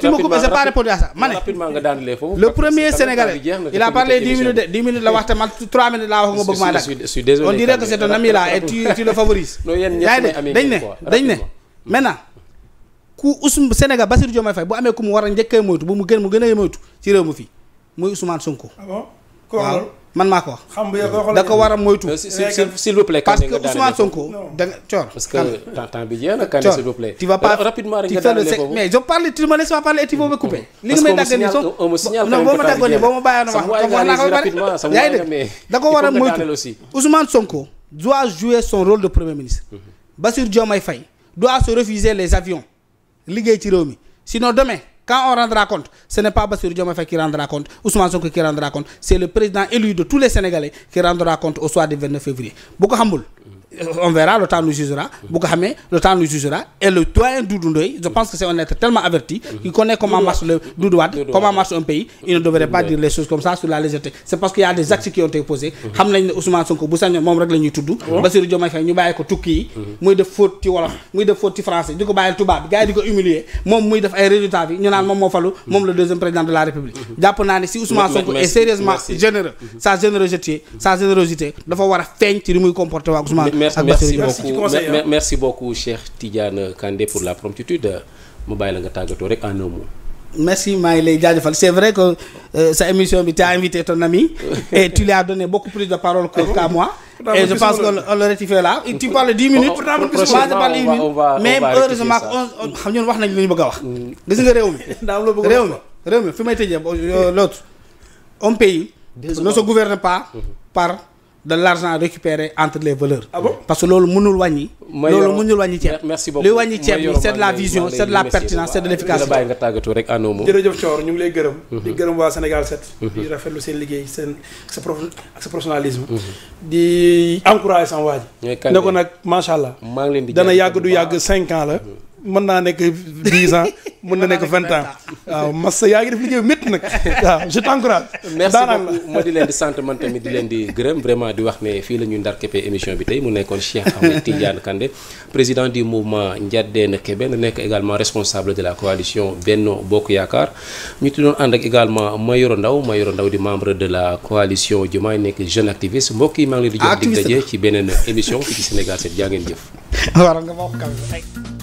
tu me coupes ne. rapidement nga daanelee foofu. le premier sénégalais il minutes de dix minutes la wax trois minutes laa wax nga bëgg maa dàq. on dirait que c'est ton ami là et tu tu dañ ne dañ ne maintenant ku Ousmane Sénégal Bassirou Diomaye Faye bu amee ku mu war a njëkkee moytu bu mu gën mu gën moytu ci réew mi fii muy Ousmane Sonko. ah man maa ko wax. a moytu. Euh, s'il vous plaît parce que Ousmane Sonko. da nga coor parce que temps bi euh, parle tu me laisses pas me couper. li nga may dagg nii soo non boo ma daggoon ba pare yaa ngi dégg a moytu Ousmane Sonko doit jouer son rôle de premier ministre. Mhm. Bassirou Diomaye doit se refuser les avions liggéey ci réew mi sinon demain Quand on rendra compte, ce n'est pas Bassirou Diomaye qui rendra compte, Ousmane Sonko qui rendra compte, c'est le président élu de tous les Sénégalais qui rendra compte au soir du 29 février. bu ko on le temps nous jugera bu ko xamee le temps nous jugera et le doyen Doudou Ndoye je pense que c'est un être tellement averti qui mhm. connaît comment marche le Doudou Wade comment marche un pays il ne devrait pas dire les choses comme ça sur la légèreté c'est parce qu'il y a des mhm. actes qui ont été posés mhm. xam nañ ne Ousmane Sonko bu sañoon moom rek la ñuy tudd oh. Bassirou Diomaye Faye ñu bàyyi tukki yi muy def faute ci wolof muy def faute ci français di ko merci merci beaucoup merci beaucoup pour la promptitude mu bàyyi la nga tàggatoo rek un mot. merci maa lay jaajëfal c'est vrai que euh, sa émission bi t'as invité ton ami et tu lui as donné beaucoup plus de parole que ah qu'à moi et je pense qu'on l'aurait fait là tu parles dix minutes xam ñun wax nañ bëgg a wax mm. gis nga réew mi réew mi fi may tëjee euh, l'autre un pays ne se gouverne mm-hmm. par de l'argent récupéré entre les voleurs. Ah bon? parce que loolu mënul wàññi. mooy loolu mënul wàññi ceeb. merci wàññi ceeb bi c'est la vision c'est de la pertinence c'est de l'efficacité. bàyyi nga tàggatoo ñu ngi lay gërëm. di gërëm waa Sénégal 7. di rafetlu seen liggéey seen sa prof ak sa professionnalisme. di encourager sama waa ne ko nag macha allah. maa ngi di dana yàgg du yàgg 5 la. mën naa nekk dix ans na nekk vingt ans waaw Massa yaa ngi def liggéey métti nag waaw je t'encourage merci ma di leen di sant man tamit di leen di gërëm vraiment di wax ne fii la ñu ndar keppee émission bi tey mu nekkoon Cheikh Ahmed Tidiane Kandé président du mouvement Ndiadène Kébé nekk également responsable de la coalition benn Bokk Yaakaar ñu tuddoon ànd ak également Mayoro Ndaw Mayoro Ndaw di membre de la coalition Diomaye nekk jeune activiste mbokk yi maa ngi leen di jox ah, dig émission fii ci Sénégal 7 jaa